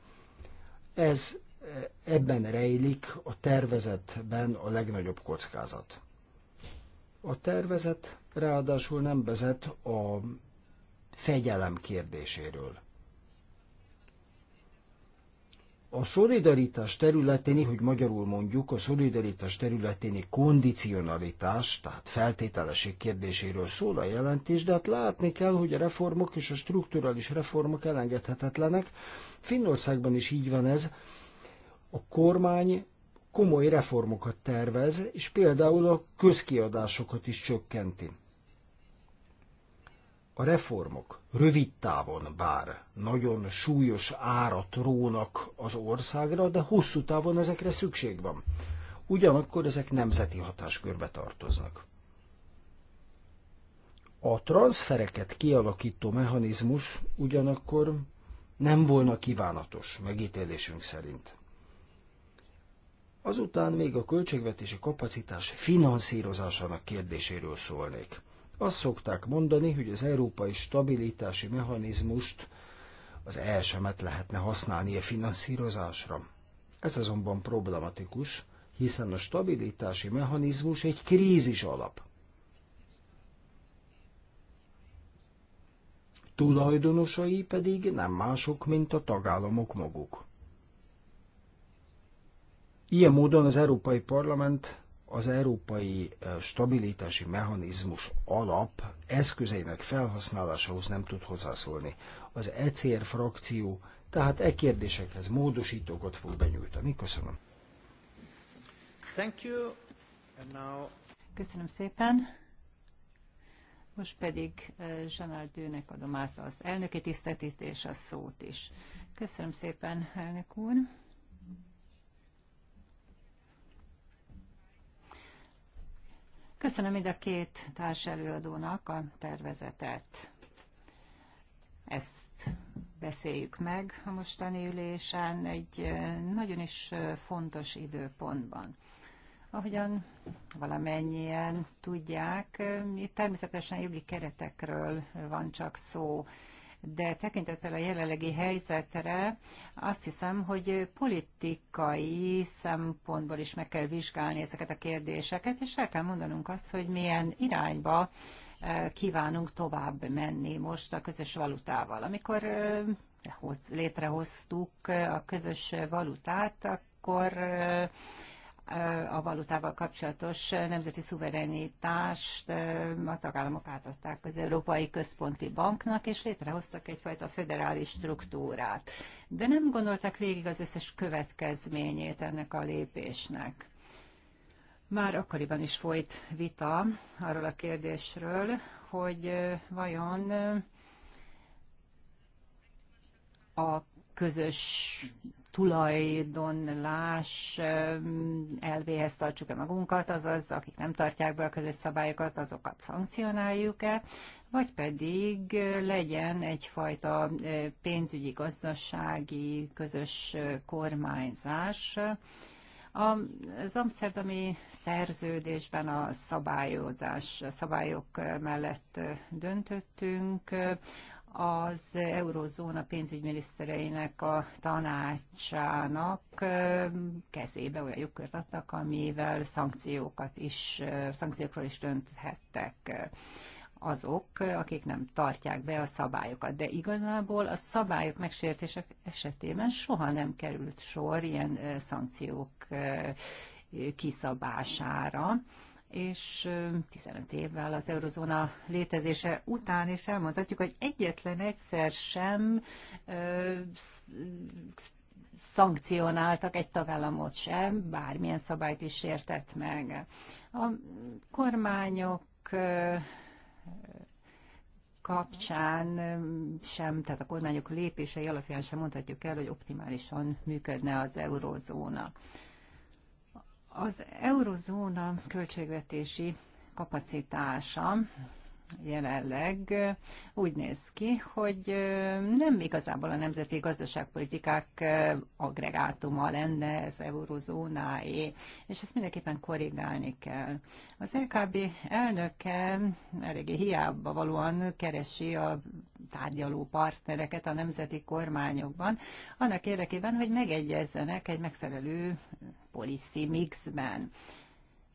A: Ez eh, ebben rejlik a tervezetben a legnagyobb kockázat. A tervezet ráadásul nem vezet a fegyelem kérdéséről. A szolidaritás területéni, hogy magyarul mondjuk, a szolidaritás területéni kondicionalitás, tehát feltételesség kérdéséről szól a jelentés, de hát látni kell, hogy a reformok és a strukturális reformok elengedhetetlenek. Finnországban is így van ez. A kormány komoly reformokat tervez, és például a közkiadásokat is csökkenti a reformok rövid távon bár nagyon súlyos árat rónak az országra, de hosszú távon ezekre szükség van. Ugyanakkor ezek nemzeti hatáskörbe tartoznak. A transfereket kialakító mechanizmus ugyanakkor nem volna kívánatos, megítélésünk szerint. Azután még a költségvetési kapacitás finanszírozásának kérdéséről szólnék. Azt szokták mondani, hogy az európai stabilitási mechanizmust, az elsemet lehetne használni a finanszírozásra. Ez azonban problematikus, hiszen a stabilitási mechanizmus egy krízis alap. Tulajdonosai pedig nem mások, mint a tagállamok maguk. Ilyen módon az Európai Parlament az európai stabilitási mechanizmus alap eszközeinek felhasználásához nem tud hozzászólni. Az ECR frakció tehát e kérdésekhez módosítókat fog benyújtani. Köszönöm. Thank you. And now... Köszönöm
C: szépen. Most pedig Zsanál Dőnek adom át az elnöki tisztetítést, a szót is. Köszönöm szépen, elnök úr. Köszönöm mind a két társelőadónak a tervezetet. Ezt beszéljük meg a mostani ülésen egy nagyon is fontos időpontban. Ahogyan valamennyien tudják, itt természetesen jogi keretekről van csak szó, de tekintettel a jelenlegi helyzetre azt hiszem, hogy politikai szempontból is meg kell vizsgálni ezeket a kérdéseket, és el kell mondanunk azt, hogy milyen irányba eh, kívánunk tovább menni most a közös valutával. Amikor eh, létrehoztuk eh, a közös valutát, akkor a valutával kapcsolatos nemzeti szuverenitást a tagállamok átadták az Európai Központi Banknak, és létrehoztak egyfajta föderális struktúrát. De nem gondoltak végig az összes következményét ennek a lépésnek. Már akkoriban is folyt vita arról a kérdésről, hogy vajon a közös tulajdonlás elvéhez tartsuk -e magunkat, azaz akik nem tartják be a közös szabályokat, azokat szankcionáljuk-e, vagy pedig eh, legyen egyfajta eh, pénzügyi, gazdasági, közös eh, kormányzás, az amszterdami szerződésben a szabályozás, szabályok mellett döntöttünk az eurózóna pénzügyminisztereinek a tanácsának kezébe olyan jogkört adtak, amivel szankciókat is, szankciókról is dönthettek azok, akik nem tartják be a szabályokat. De igazából a szabályok megsértések esetében soha nem került sor ilyen szankciók kiszabására és 15 évvel az eurozóna létezése után is elmondhatjuk, hogy egyetlen egyszer sem szankcionáltak egy tagállamot sem, bármilyen szabályt is sértett meg. A kormányok kapcsán sem, tehát a kormányok lépései alapján sem mondhatjuk el, hogy optimálisan működne az eurózóna. Az eurozóna költségvetési kapacitása jelenleg úgy néz ki, hogy nem igazából a nemzeti gazdaságpolitikák agregátuma lenne ez eurozónáé, és ezt mindenképpen korrigálni kell. Az LKB e elnöke eléggé hiába valóan keresi a tárgyaló partnereket a nemzeti kormányokban, annak érdekében, hogy megegyezzenek egy megfelelő policy mixben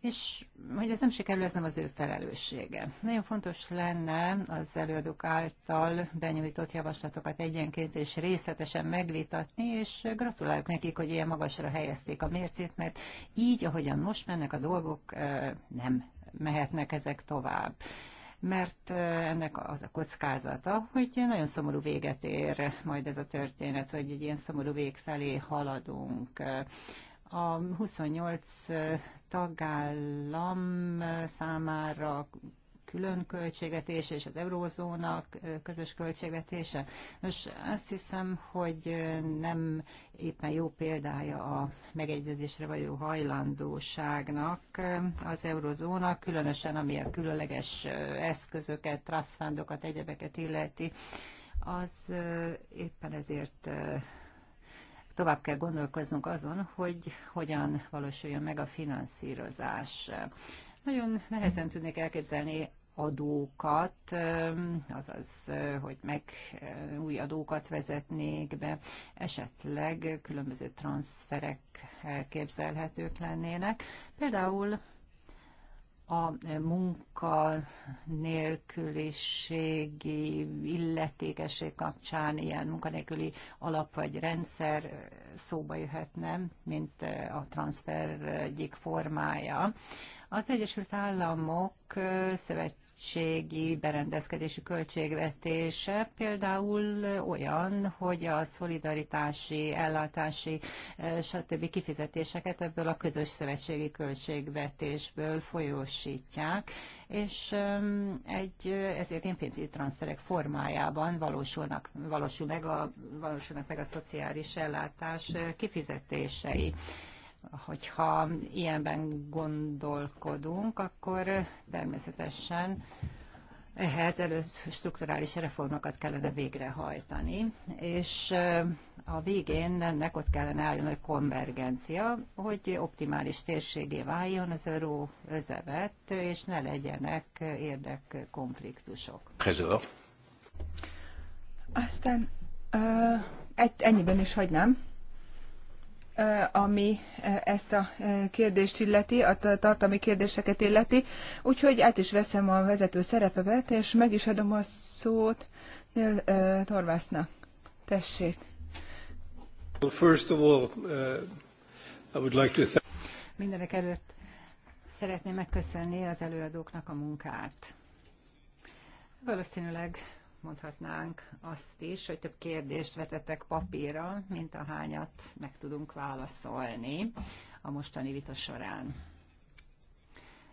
C: és hogy ez nem sikerül, ez nem az ő felelőssége. Nagyon fontos lenne az előadók által benyújtott javaslatokat egyenként és részletesen megvitatni, és gratulálok nekik, hogy ilyen magasra helyezték a mércét, mert így, ahogyan most mennek a dolgok, nem mehetnek ezek tovább mert ennek az a kockázata, hogy nagyon szomorú véget ér majd ez a történet, hogy egy ilyen szomorú vég felé haladunk a 28 tagállam számára külön költségvetése és az eurózónak közös költségvetése. Nos, azt hiszem, hogy nem éppen jó példája a megegyezésre való hajlandóságnak az eurózónak, különösen ami a különleges eszközöket, trust egyebeket illeti az éppen ezért tovább kell gondolkoznunk azon, hogy hogyan valósuljon meg a finanszírozás. Nagyon nehezen tudnék elképzelni adókat, azaz, hogy meg új adókat vezetnék be, esetleg különböző transzferek elképzelhetők lennének. Például a munka nélküliségi illetékesség kapcsán ilyen munkanélküli alap vagy rendszer szóba jöhetne, mint a transfer egyik formája. Az Egyesült Államok szövetség költségi, berendezkedési költségvetése például olyan, hogy a szolidaritási, ellátási, eh, stb. kifizetéseket ebből a közös szövetségi költségvetésből folyósítják, és egy, ezért ilyen pénzügyi transferek formájában valósulnak, valósul meg a, valósulnak meg a szociális ellátás eh, kifizetései hogyha ilyenben gondolkodunk, akkor természetesen ehhez előtt strukturális reformokat kellene végrehajtani, és a végén ennek ott kellene álljon egy konvergencia, hogy optimális térségé váljon az euró özevet, és ne legyenek
B: érdekkonfliktusok. Trezor. Aztán uh, egy, ennyiben is hagynám ami ezt a kérdést illeti, a tartalmi kérdéseket illeti. Úgyhogy át is veszem a vezető szerepevet, és meg is adom a szót Nél Torvásznak. Tessék.
A: First of all, uh, I would like to...
C: Mindenek előtt szeretném megköszönni az előadóknak a munkát. Valószínűleg mondhatnánk azt is, hogy több kérdést vetettek papírra, mint hányat meg tudunk válaszolni a mostani vita során.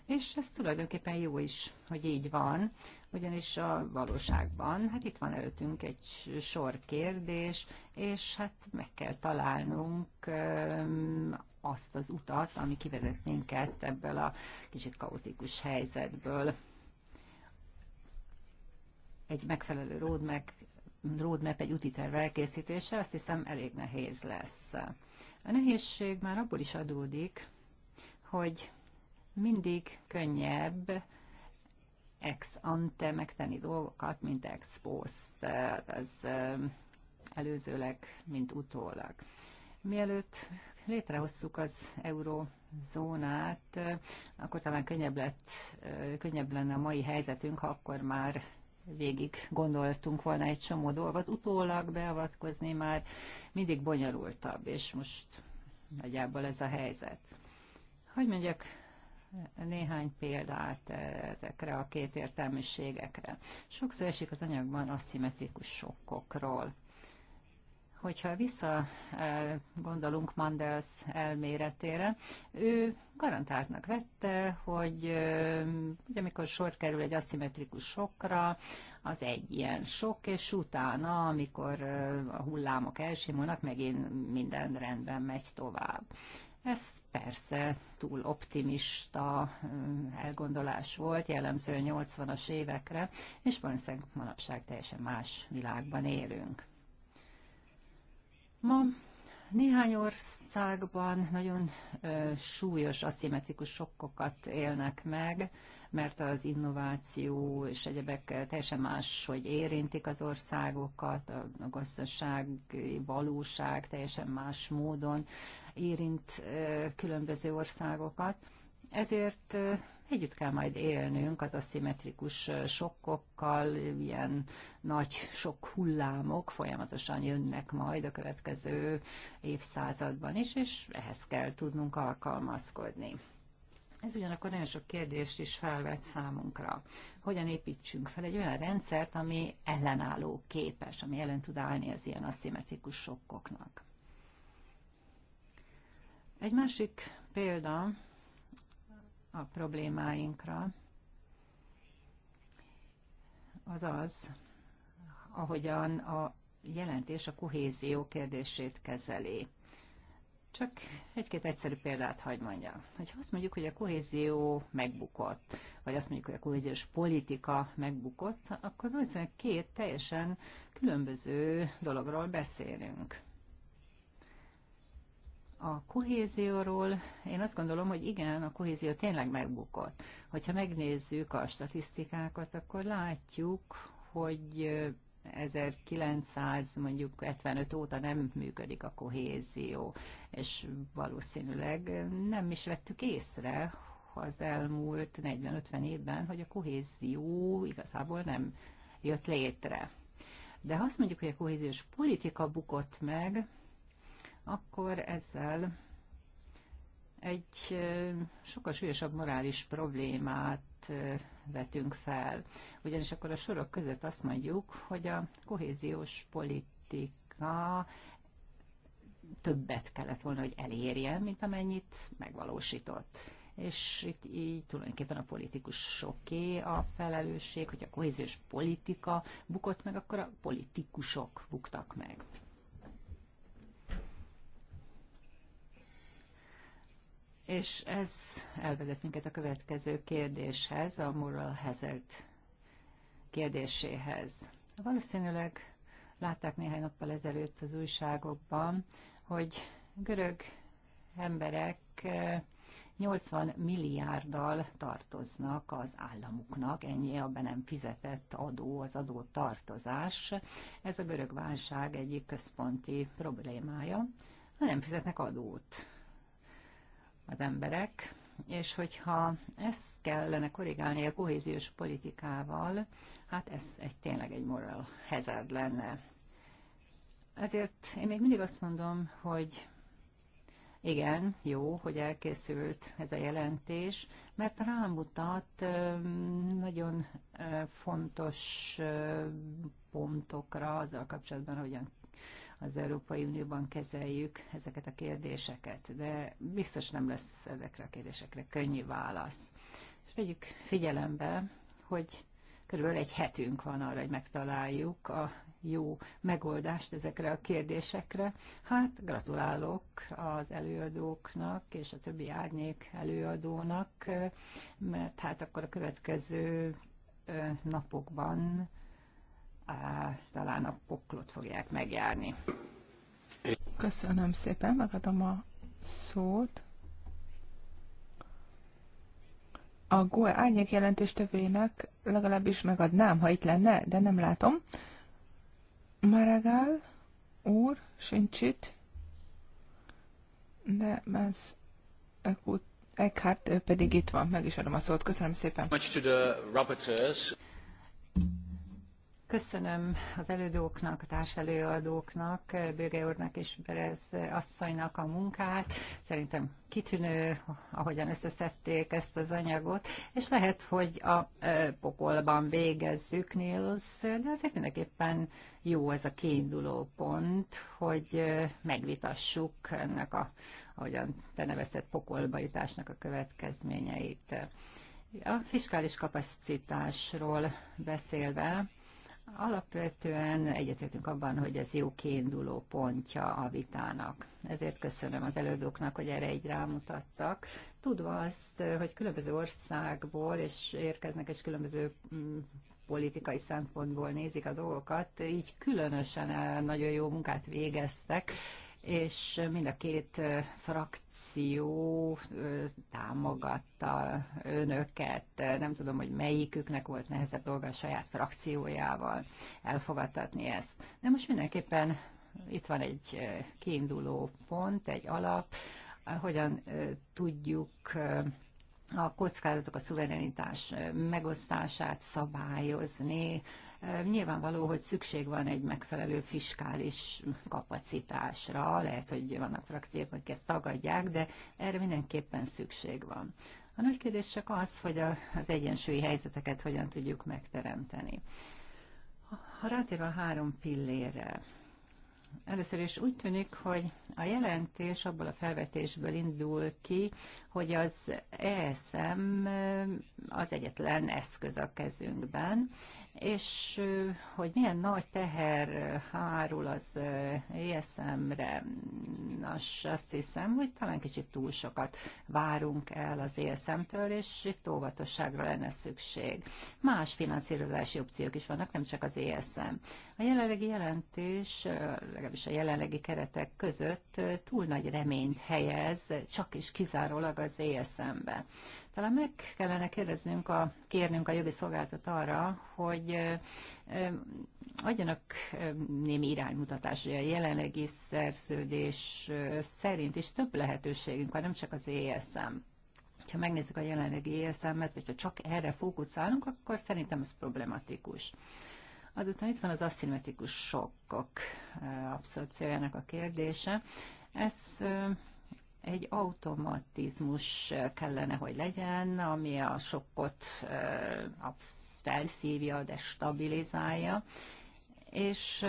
C: És ez tulajdonképpen jó is, hogy így van, ugyanis a valóságban, hát itt van előttünk egy sor kérdés, és hát meg kell találnunk azt az utat, ami kivezet minket ebből a kicsit kaotikus helyzetből egy megfelelő roadmap, roadmap egy úti terve elkészítése, azt hiszem elég nehéz lesz. A nehézség már abból is adódik, hogy mindig könnyebb ex ante megtenni dolgokat, mint ex post, az előzőleg, mint utólag. Mielőtt létrehoztuk az eurózónát, akkor talán könnyebb, lett, könnyebb lenne a mai helyzetünk, ha akkor már végig gondoltunk volna egy csomó dolgot, utólag beavatkozni már mindig bonyolultabb, és most nagyjából ez a helyzet. Hogy mondjak néhány példát ezekre a két értelmiségekre. Sokszor esik az anyagban aszimetrikus sokkokról. Hogyha visszagondolunk Mandels elméletére, ő garantáltnak vette, hogy, hogy amikor sor kerül egy aszimmetrikus sokra, az egy ilyen sok, és utána, amikor a hullámok elsimulnak, megint minden rendben megy tovább. Ez persze túl optimista elgondolás volt, jellemző 80-as évekre, és valószínűleg manapság teljesen más világban élünk. Ma néhány országban nagyon súlyos aszimetrikus sokkokat élnek meg, mert az innováció és egyebek teljesen más, hogy érintik az országokat, a gazdasági valóság teljesen más módon érint különböző országokat. Ezért Együtt kell majd élnünk az aszimmetrikus sokkokkal, ilyen nagy sok hullámok folyamatosan jönnek majd a következő évszázadban is, és ehhez kell tudnunk alkalmazkodni. Ez ugyanakkor nagyon sok kérdést is felvet számunkra. Hogyan építsünk fel egy olyan rendszert, ami ellenálló képes, ami ellen tud állni az ilyen aszimmetrikus sokkoknak. Egy másik példa a problémáinkra, az az, ahogyan a jelentés a kohézió kérdését kezeli. Csak egy-két egyszerű példát hagy mondjam. Hogy azt mondjuk, hogy a kohézió megbukott, vagy azt mondjuk, hogy a kohéziós politika megbukott, akkor valószínűleg két teljesen különböző dologról beszélünk a kohézióról, én azt gondolom, hogy igen, a kohézió tényleg megbukott. Hogyha megnézzük a statisztikákat, akkor látjuk, hogy 1900 mondjuk 75 óta nem működik a kohézió, és valószínűleg nem is vettük észre az elmúlt 40-50 évben, hogy a kohézió igazából nem jött létre. De ha azt mondjuk, hogy a kohéziós politika bukott meg, akkor ezzel egy sokkal súlyosabb morális problémát vetünk fel. Ugyanis akkor a sorok között azt mondjuk, hogy a kohéziós politika többet kellett volna, hogy elérjen, mint amennyit megvalósított. És itt így tulajdonképpen a politikusoké a felelősség, hogy a kohéziós politika bukott meg, akkor a politikusok buktak meg. És ez elvezet minket a következő kérdéshez, a moral hazard kérdéséhez. Valószínűleg látták néhány nappal ezelőtt az újságokban, hogy görög emberek 80 eh, milliárddal tartoznak az államuknak, ennyi a be nem fizetett adó, az adó tartozás. Ez a görög válság egyik központi problémája. nem fizetnek adót, az emberek, és hogyha ezt kellene korrigálni a kohéziós politikával, hát ez egy tényleg egy moral hazard lenne. Ezért én még mindig azt mondom, hogy igen, jó, hogy elkészült ez a jelentés, mert rámutat nagyon fontos pontokra azzal kapcsolatban, hogyan az Európai Unióban kezeljük ezeket a kérdéseket, de biztos nem lesz ezekre a kérdésekre könnyű válasz. És vegyük figyelembe, hogy körülbelül egy hetünk van arra, hogy megtaláljuk a jó megoldást ezekre a kérdésekre. Hát gratulálok az előadóknak és a többi árnyék előadónak, mert hát akkor a következő napokban á, talán a poklot fogják megjárni.
B: Köszönöm szépen, megadom a szót. A GOE árnyék jelentéstevőjének legalábbis megadnám, ha itt lenne, de nem látom. Maragál, úr sincs itt, de ez Eckhart pedig itt van, meg is adom a szót. Köszönöm szépen.
C: Köszönöm az elődóknak, a társelőadóknak, Bőge úrnak és Berez asszonynak a munkát. Szerintem kitűnő, ahogyan összeszedték ezt az anyagot, és lehet, hogy a e, pokolban végezzük, Nils, de azért mindenképpen jó ez a kiinduló pont, hogy e, megvitassuk ennek a, ahogyan te nevezted, pokolba jutásnak a következményeit. A fiskális kapacitásról beszélve, Alapvetően egyetértünk abban, hogy ez jó kiinduló pontja a vitának. Ezért köszönöm az előadóknak, hogy erre így rámutattak. Tudva azt, hogy különböző országból és érkeznek, és különböző mm, politikai szempontból nézik a dolgokat, így különösen eh, nagyon jó munkát végeztek, és mind a két frakció támogatta önöket. Nem tudom, hogy melyiküknek volt nehezebb dolga a saját frakciójával elfogadtatni ezt. De most mindenképpen itt van egy kiinduló pont, egy alap, hogyan tudjuk a kockázatok, a szuverenitás megosztását szabályozni, Nyilvánvaló, hogy szükség van egy megfelelő fiskális kapacitásra, lehet, hogy vannak frakciók, akik ezt tagadják, de erre mindenképpen szükség van. A nagy kérdés csak az, hogy az egyensúlyi helyzeteket hogyan tudjuk megteremteni. Ha rátér a három pillére. Először is úgy tűnik, hogy a jelentés abból a felvetésből indul ki, hogy az ESM az egyetlen eszköz a kezünkben, és hogy milyen nagy teher hárul az ESM-re, nos, azt hiszem, hogy talán kicsit túl sokat várunk el az ESM-től, és itt óvatosságra lenne szükség. Más finanszírozási opciók is vannak, nem csak az ESM. A jelenlegi jelentés, legalábbis a jelenlegi keretek között túl nagy reményt helyez, csak is kizárólag az ESM-be. Talán meg kellene kérdeznünk, a, kérnünk a jogi szolgáltat arra, hogy adjanak némi iránymutatást, hogy a jelenlegi szerződés szerint is több lehetőségünk van, nem csak az ESM ha megnézzük a jelenlegi ESM-et, vagy ha csak erre fókuszálunk, akkor szerintem ez problematikus. Azután itt van az aszimmetrikus sokkok abszorpciójának a kérdése. Ez egy automatizmus kellene, hogy legyen, ami a sokkot felszívja, stabilizálja, és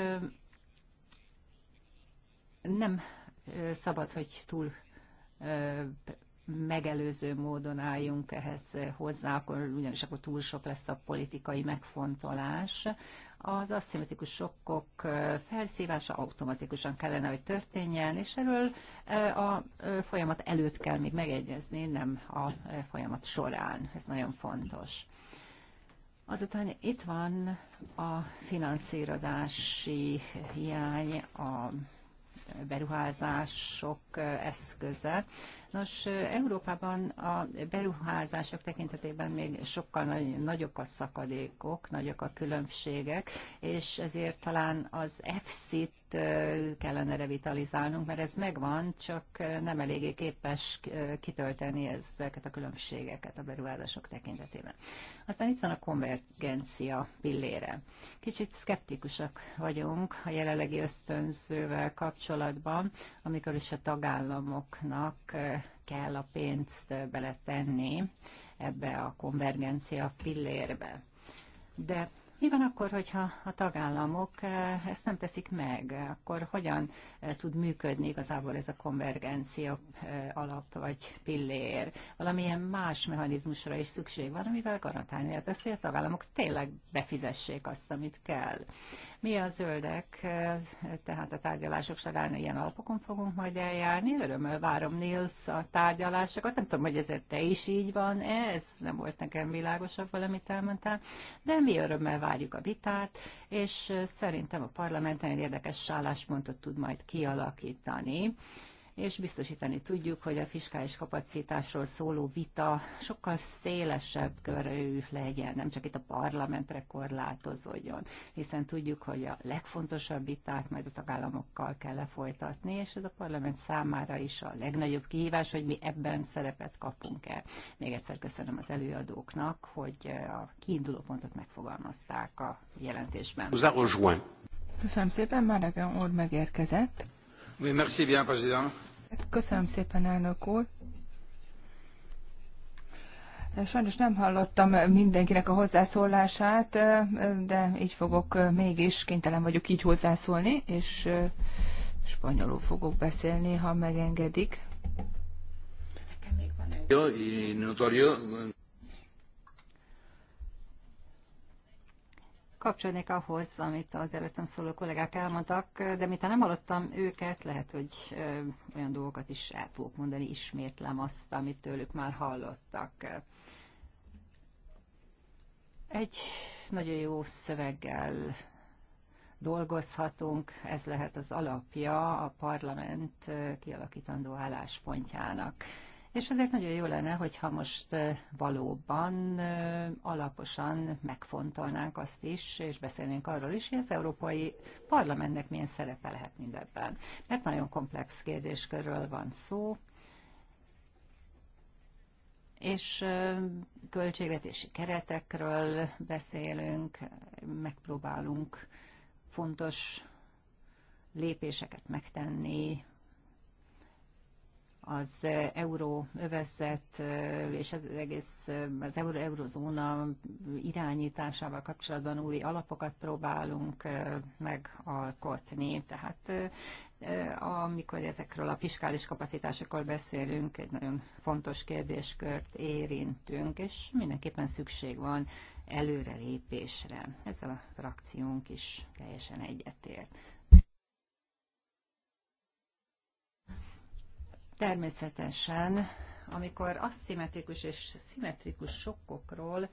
C: nem szabad, hogy túl megelőző módon álljunk ehhez hozzá, akkor ugyanis akkor túl sok lesz a politikai megfontolás az aszimetikus sokkok felszívása automatikusan kellene, hogy történjen, és erről a folyamat előtt kell még megegyezni, nem a folyamat során. Ez nagyon fontos. Azután itt van a finanszírozási hiány, a beruházások eszköze. Nos, Európában a beruházások tekintetében még sokkal nagyobb a szakadékok, nagyok a különbségek, és ezért talán az EFSZ-t kellene revitalizálnunk, mert ez megvan, csak nem eléggé képes kitölteni ezeket a különbségeket a beruházások tekintetében. Aztán itt van a konvergencia pillére. Kicsit szkeptikusak vagyunk a jelenlegi ösztönzővel kapcsolatban, amikor is a tagállamoknak kell a pénzt beletenni ebbe a konvergencia pillérbe. De mi van akkor, hogyha a tagállamok ezt nem teszik meg? Akkor hogyan tud működni igazából ez a konvergencia alap vagy pillér? Valamilyen más mechanizmusra is szükség van, amivel garantálni lehet ezt, hogy a tagállamok tényleg befizessék azt, amit kell. Mi a zöldek, tehát a tárgyalások során ilyen alapokon fogunk majd eljárni. Örömmel várom Nils a tárgyalásokat. Nem tudom, hogy ezért te is így van, ez nem volt nekem világosabb valamit elmondtál, de mi örömmel várjuk a vitát, és szerintem a parlamenten egy érdekes álláspontot tud majd kialakítani és biztosítani tudjuk, hogy a fiskális kapacitásról szóló vita sokkal szélesebb körű legyen, nem csak itt a parlamentre korlátozódjon, hiszen tudjuk, hogy a legfontosabb vitát majd a tagállamokkal kell lefolytatni, és ez a parlament számára is a legnagyobb kihívás, hogy mi ebben szerepet kapunk-e. Még egyszer köszönöm az előadóknak, hogy a kiinduló
B: pontot megfogalmazták a jelentésben. Köszönöm szépen, Máregen úr megérkezett. Köszönöm szépen, elnök úr. Sajnos nem hallottam mindenkinek a hozzászólását, de így fogok mégis, kénytelen vagyok így hozzászólni, és spanyolul fogok beszélni, ha megengedik.
A: Nekem még van egy.
C: Kapcsolnék ahhoz, amit az előttem szóló kollégák elmondtak, de mintha nem hallottam őket, lehet, hogy olyan dolgokat is el fogok mondani, ismétlem azt, amit tőlük már hallottak. Egy nagyon jó szöveggel dolgozhatunk, ez lehet az alapja a parlament kialakítandó álláspontjának. És ezért nagyon jó lenne, hogyha most valóban alaposan megfontolnánk azt is, és beszélnénk arról is, hogy az Európai Parlamentnek milyen szerepe lehet mindebben. Mert nagyon komplex kérdéskörről van szó, és költségvetési keretekről beszélünk, megpróbálunk fontos lépéseket megtenni az euró övezet és az egész az euró, eurozóna irányításával kapcsolatban új alapokat próbálunk megalkotni. Tehát amikor ezekről a fiskális kapacitásokról beszélünk, egy nagyon fontos kérdéskört érintünk, és mindenképpen szükség van előrelépésre. Ezzel a frakciónk is teljesen egyetért. Természetesen, amikor aszimmetrikus és szimmetrikus sokkokról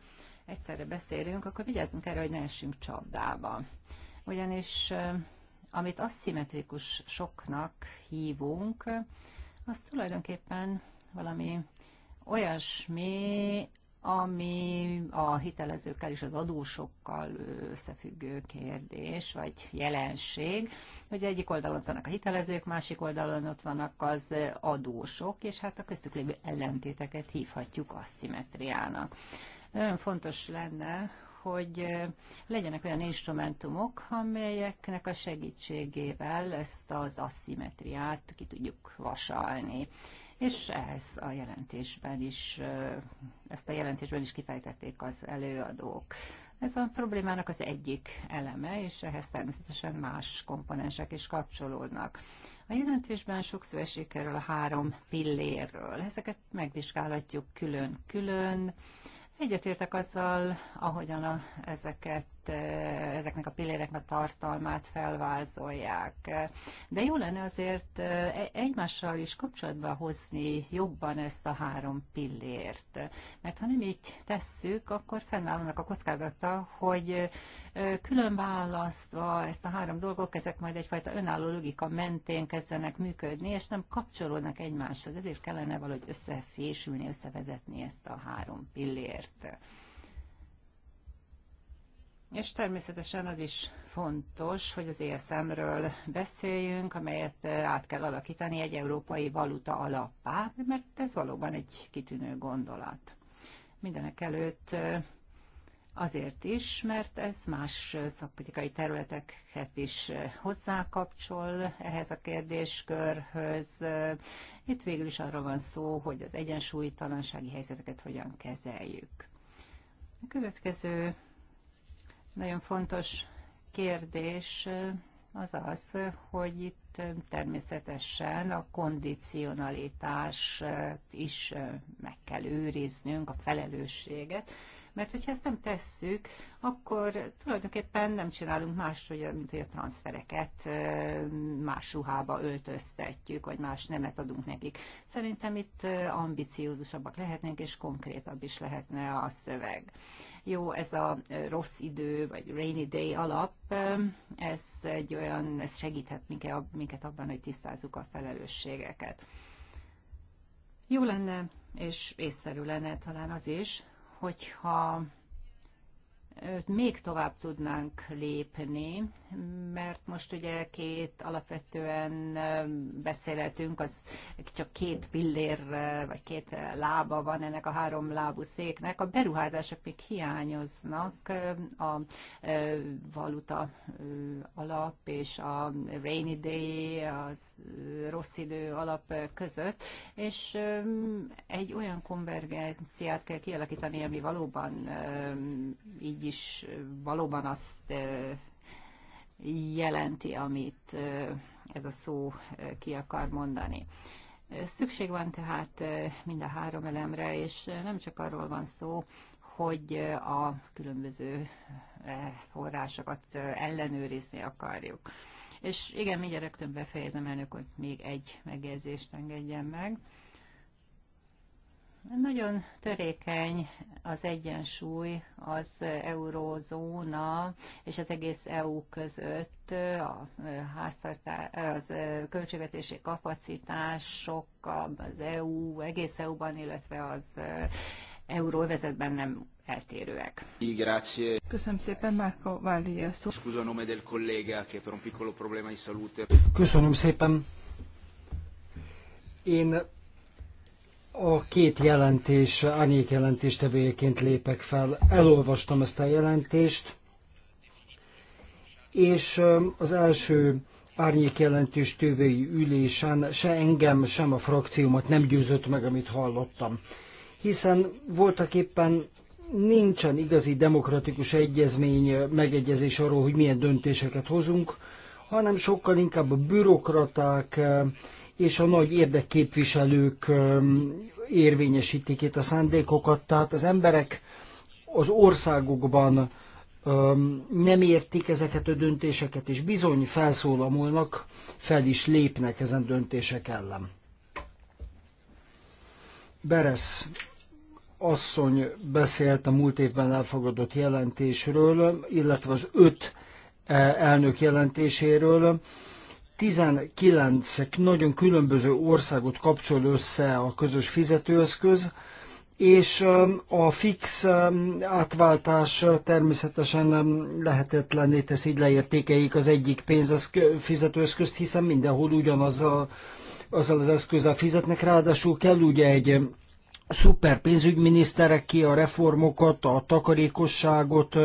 C: egyszerre beszélünk, akkor vigyázzunk erre, hogy ne essünk csapdába. Ugyanis amit aszimmetrikus soknak hívunk, az tulajdonképpen valami olyasmi, ami a hitelezőkkel és az adósokkal összefüggő kérdés, vagy jelenség, hogy egyik oldalon ott vannak a hitelezők, másik oldalon ott vannak az adósok, és hát a köztük lévő ellentéteket hívhatjuk aszimetriának. Nagyon fontos lenne, hogy legyenek olyan instrumentumok, amelyeknek a segítségével ezt az aszimetriát ki tudjuk vasalni és ez a jelentésben is, ezt a jelentésben is kifejtették az előadók. Ez a problémának az egyik eleme, és ehhez természetesen más komponensek is kapcsolódnak. A jelentésben sok szó esik erről a három pillérről. Ezeket megvizsgálhatjuk külön-külön. Egyetértek azzal, ahogyan a, ezeket ezeket, eh, ezeknek a pilléreknek a tartalmát felvázolják. De jó lenne azért eh, e-, egymással is kapcsolatba hozni jobban ezt a három pillért. Mert ha nem így tesszük, akkor fennállnak a kockázata, hogy eh, külön választva ezt a három dolgok, ezek majd egyfajta önálló logika mentén kezdenek működni, és nem kapcsolódnak egymáshoz. Ezért kellene valahogy összefésülni, összevezetni ezt a három pillért. És természetesen az is fontos, hogy az ESM-ről beszéljünk, amelyet eh, át kell alakítani egy európai valuta alappá, mert ez valóban egy kitűnő gondolat. Mindenek előtt eh, azért is, mert ez más szakpolitikai területeket is eh, hozzákapcsol ehhez a kérdéskörhöz. Itt végül is arra van szó, hogy az egyensúlytalansági helyzeteket hogyan kezeljük. A következő nagyon fontos kérdés az az, hogy itt természetesen a kondicionalitás is meg kell őriznünk, a felelősséget, mert hogyha ezt nem tesszük, akkor tulajdonképpen nem csinálunk más, hogy, mint hogy a transfereket más ruhába öltöztetjük, vagy más nemet adunk nekik. Szerintem itt ambiciózusabbak lehetnénk, és konkrétabb is lehetne a szöveg. Jó, ez a rossz idő, vagy rainy day alap, ez egy olyan, ez segíthet minket abban, hogy tisztázzuk a felelősségeket. Jó lenne, és észszerű lenne talán az is, hogyha még tovább tudnánk lépni, mert most ugye két alapvetően beszélhetünk, az csak két pillér, vagy két lába van ennek a három lábú széknek. A beruházások még hiányoznak, a valuta alap és a rainy day, a rossz idő alap között, és egy olyan konvergenciát kell kialakítani, ami valóban így így is valóban azt jelenti, amit ez a szó ki akar mondani. Szükség van tehát mind a három elemre, és nem csak arról van szó, hogy a különböző forrásokat ellenőrizni akarjuk. És igen, mindjárt rögtön befejezem, elnök, hogy még egy megjegyzést engedjen meg. Nagyon törékeny az egyensúly az eurózóna és az egész EU között a háztartás, az költségvetési kapacitások az EU, egész EU-ban, illetve az euróvezetben nem eltérőek.
A: Grazie. Köszönöm szépen, Márka Válli szó. Scusa nome del collega, che per un piccolo problema di salute. Köszönöm szépen. Én a két jelentés, árnyék jelentéstevőjeként lépek fel. Elolvastam ezt a jelentést, és az első árnyék jelentéstevői ülésen se engem, sem a frakciómat nem győzött meg, amit hallottam. Hiszen voltak éppen nincsen igazi demokratikus egyezmény, megegyezés arról, hogy milyen döntéseket hozunk, hanem sokkal inkább a bürokraták, és a nagy érdekképviselők érvényesítik itt a szándékokat, tehát az emberek az országokban nem értik ezeket a döntéseket, és bizony felszólamulnak, fel is lépnek ezen döntések ellen. Beres asszony beszélt a múlt évben elfogadott jelentésről, illetve az öt eh, elnök jelentéséről. 19 nagyon különböző országot kapcsol össze a közös fizetőeszköz, és um, a fix um, átváltás természetesen um, lehetetlenné tesz, így leértékeik az egyik pénzfizetőeszközt, hiszen mindenhol ugyanaz a, azzal az eszközzel fizetnek, ráadásul kell ugye egy szuper pénzügyminiszterek ki a reformokat, a takarékosságot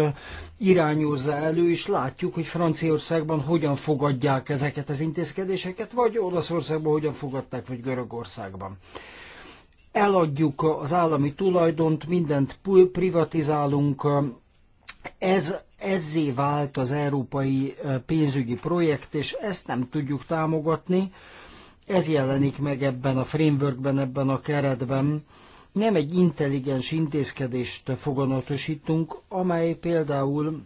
A: irányozza elő, és látjuk, hogy Franciaországban hogyan fogadják ezeket az intézkedéseket, vagy Olaszországban hogyan fogadták, vagy Görögországban. Eladjuk az állami tulajdont, mindent privatizálunk, ez ezzé vált az európai pénzügyi projekt, és ezt nem tudjuk támogatni. Ez jelenik meg ebben a frameworkben, ebben a keretben nem egy intelligens intézkedést foganatosítunk, amely például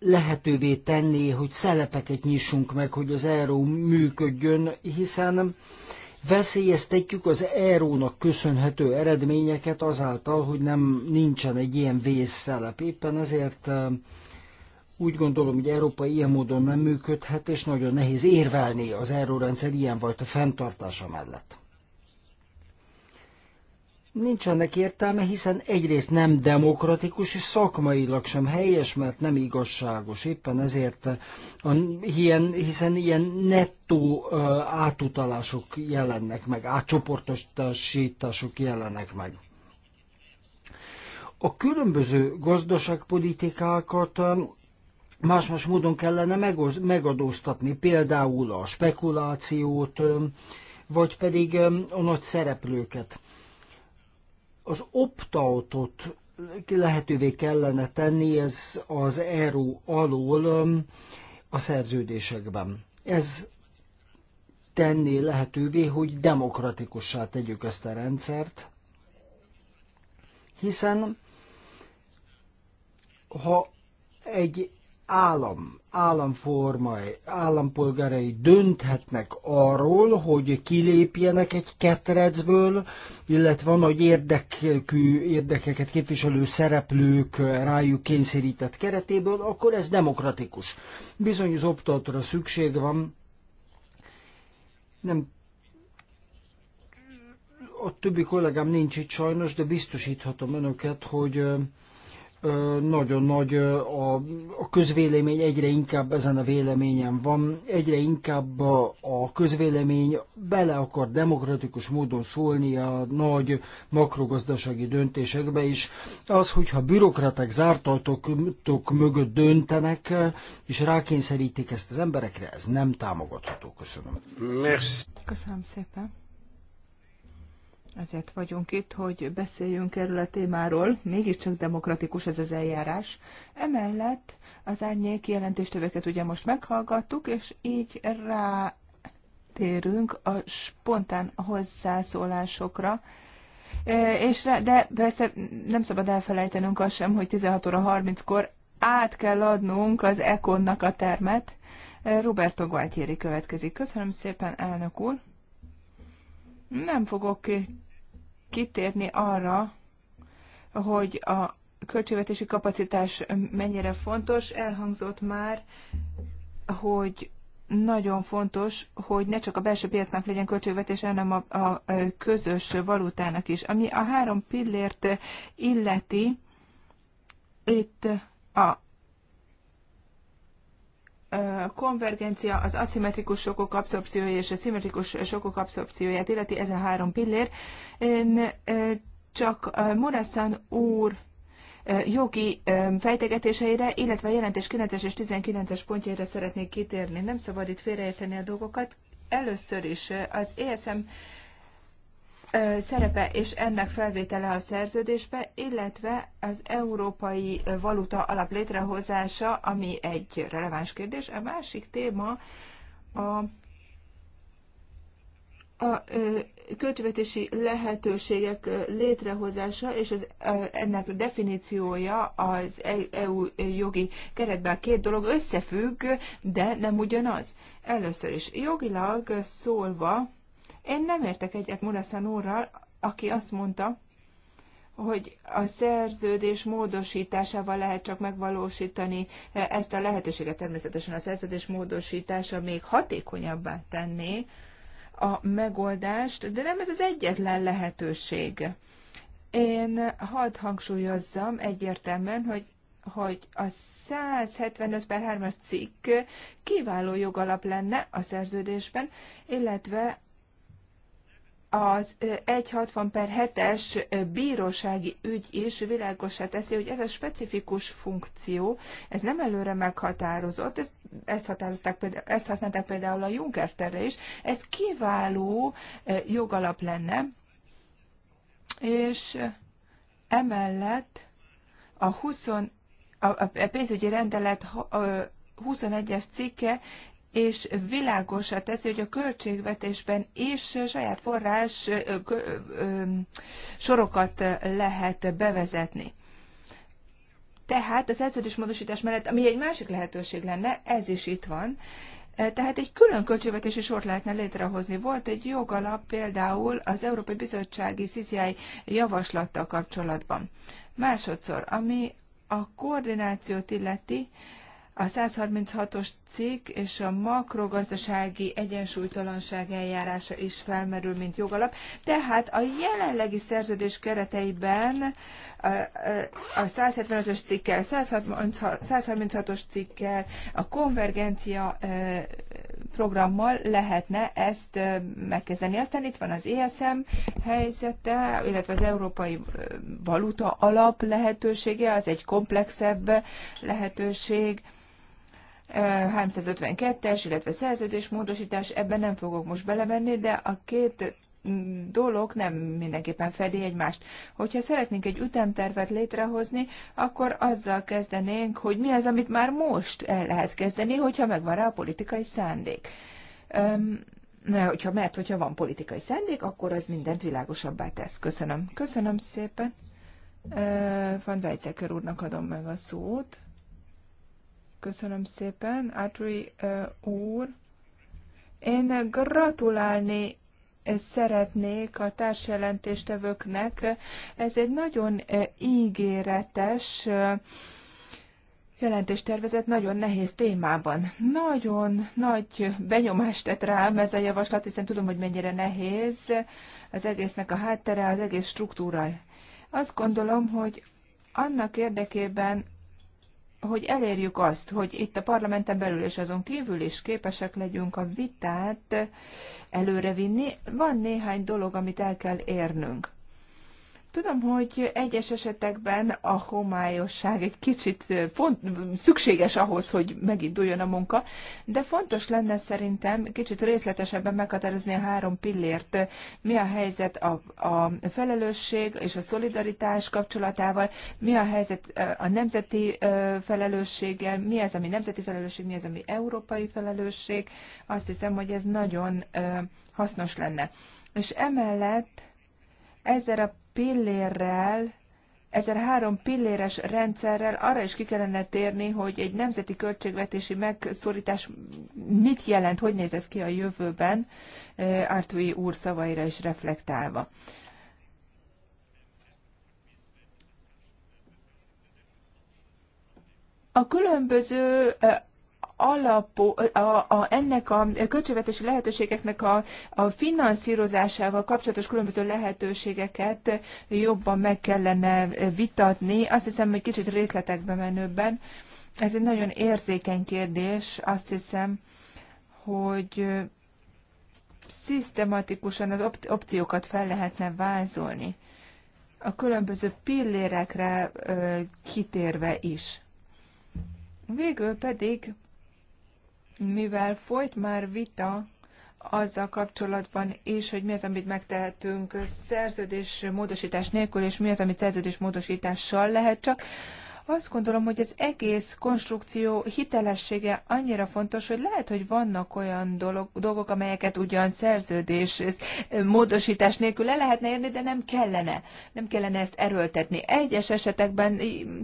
A: lehetővé tenné, hogy szelepeket nyissunk meg, hogy az euró működjön, hiszen veszélyeztetjük az eurónak köszönhető eredményeket azáltal, hogy nem nincsen egy ilyen vészszelep. Éppen ezért eh, úgy gondolom, hogy Európa ilyen módon nem működhet, és nagyon nehéz érvelni az volt a fenntartása mellett. Nincs ennek értelme, hiszen egyrészt nem demokratikus, és szakmailag sem helyes, mert nem igazságos. Éppen ezért, a, ilyen, hiszen ilyen nettó uh, átutalások jelennek meg, átcsoportosítások jelennek meg. A különböző gazdaságpolitikákat más-más módon kellene megoz, megadóztatni, például a spekulációt, vagy pedig a nagy szereplőket az opt-outot lehetővé kellene tenni ez az EU alól um, a szerződésekben. Ez tenni lehetővé, hogy demokratikussá tegyük ezt a rendszert, hiszen ha egy állam, államformai, állampolgárai dönthetnek arról, hogy kilépjenek egy ketrecből, illetve van, hogy érdekű, érdekeket képviselő szereplők rájuk kényszerített keretéből, akkor ez demokratikus. Bizony az optatra szükség van, nem a többi kollégám nincs itt sajnos, de biztosíthatom önöket, hogy nagyon nagy, a, a közvélemény egyre inkább ezen a véleményen van, egyre inkább a közvélemény bele akar demokratikus módon szólni a nagy makrogazdasági döntésekbe is. Az, hogyha bürokraták zártatok mögött döntenek, és rákényszerítik ezt az emberekre, ez nem támogatható. Köszönöm. Merci. Köszönöm szépen.
B: Ezért vagyunk itt, hogy beszéljünk erről a témáról. Mégiscsak demokratikus ez az eljárás. Emellett az árnyék jelentéstöveket ugye most meghallgattuk, és így rátérünk a spontán hozzászólásokra. E, és de persze nem szabad elfelejtenünk azt sem, hogy 16 óra 30-kor át kell adnunk az Ekonnak a termet. E, Roberto Gualtieri következik. Köszönöm szépen, elnök úr! Nem fogok kitérni arra, hogy a költségvetési kapacitás mennyire fontos. Elhangzott már, hogy nagyon fontos, hogy ne csak a belső piacnak legyen költségvetés, hanem a, a közös valutának is. Ami a három pillért illeti, itt a konvergencia, az aszimmetrikus sokok abszorpciója és a szimmetrikus sokok abszorpcióját illeti, ez a három pillér. Én csak Morassan úr jogi fejtegetéseire, illetve a jelentés 9-es és 19-es pontjaira szeretnék kitérni. Nem szabad itt félreérteni a dolgokat. Először is az ESM szerepe és ennek felvétele a szerződésbe, illetve az európai valuta alap létrehozása, ami egy releváns kérdés. A másik téma a a költségvetési lehetőségek létrehozása és az, ennek definíciója az EU e jogi keretben két dolog összefügg, de nem ugyanaz. Először is jogilag szólva, én nem értek egyet Muraszan úrral, aki azt mondta, hogy a szerződés módosításával lehet csak megvalósítani ezt a lehetőséget. Természetesen a szerződés módosítása még hatékonyabbá tenné a megoldást, de nem ez az egyetlen lehetőség. Én hadd hangsúlyozzam egyértelműen, hogy hogy a 175 per 3-as cikk kiváló jogalap lenne a szerződésben, illetve az 160 per 7-es bírósági ügy is világosá teszi, hogy ez a specifikus funkció, ez nem előre meghatározott, ezt, ezt, határozták, például, ezt használták például a Juncker terre is, ez kiváló jogalap lenne, és emellett a 20 a, a pénzügyi rendelet 21-es cikke és világosat teszi, hogy a költségvetésben is saját forrás sorokat lehet bevezetni. Tehát a módosítás mellett, ami egy másik lehetőség lenne, ez is itt van, tehát egy külön költségvetési sort lehetne létrehozni. Volt egy jogalap például az Európai Bizottsági CCI javaslattal kapcsolatban. Másodszor, ami a koordinációt illeti, a 136-os cikk és a makrogazdasági egyensúlytalanság eljárása is felmerül, mint jogalap. Tehát a jelenlegi szerződés kereteiben a 175-ös cikkel, 136-os cikkel, a konvergencia programmal lehetne ezt megkezdeni. Aztán itt van az ESM helyzete, illetve az Európai Valuta Alap lehetősége, az egy komplexebb lehetőség 352-es, illetve szerződésmódosítás, ebben nem fogok most belemenni, de a két mm, dolog nem mindenképpen fedi egymást. Hogyha szeretnénk egy ütemtervet létrehozni, akkor azzal kezdenénk, hogy mi az, amit már most el lehet kezdeni, hogyha megvan rá a politikai szándék. Öm, hogyha, mert hogyha van politikai szándék, akkor az mindent világosabbá tesz. Köszönöm. Köszönöm szépen. Van Weizsäcker úrnak adom meg a szót. Köszönöm szépen, Átri úr. Én gratulálni szeretnék a társjelentéstevőknek. Ez egy nagyon ígéretes jelentéstervezet nagyon nehéz témában. Nagyon nagy benyomást tett rám ez a javaslat, hiszen tudom, hogy mennyire nehéz az egésznek a háttere, az egész struktúra. Azt gondolom, hogy annak érdekében, hogy elérjük azt, hogy itt a parlamenten belül és azon kívül is képesek legyünk a vitát előrevinni, van néhány dolog, amit el kell érnünk. Tudom, hogy egyes esetekben a homályosság egy kicsit eh, font, szükséges ahhoz, hogy meginduljon a munka, de fontos lenne szerintem kicsit részletesebben meghatározni a három pillért. Mi a helyzet a, a felelősség és a szolidaritás kapcsolatával, mi a helyzet eh, a nemzeti eh, felelősséggel, mi az, ami nemzeti felelősség, mi az, ami európai felelősség. Azt hiszem, hogy ez nagyon hasznos lenne. És emellett ezzel a pillérrel, ezzel három pilléres rendszerrel arra is ki kellene térni, hogy egy nemzeti költségvetési megszorítás mit jelent, hogy néz ez ki a jövőben, Ártói eh, úr szavaira is reflektálva. A különböző eh, alapú, a, a, ennek a költségvetési lehetőségeknek a, a finanszírozásával kapcsolatos különböző lehetőségeket jobban meg kellene vitatni. Azt hiszem, hogy kicsit részletekbe menőbben. Ez egy nagyon érzékeny kérdés. Azt hiszem, hogy szisztematikusan az op- opciókat fel lehetne vázolni, a különböző pillérekre ö, kitérve is. Végül pedig mivel folyt már vita azzal kapcsolatban is, hogy mi az, amit megtehetünk szerződés módosítás nélkül, és mi az, amit szerződés módosítással lehet csak. Azt gondolom, hogy az egész konstrukció hitelessége annyira fontos, hogy lehet, hogy vannak olyan dolog, dolgok, amelyeket ugyan szerződés, módosítás nélkül le lehetne érni, de nem kellene. Nem kellene ezt erőltetni. Egyes esetekben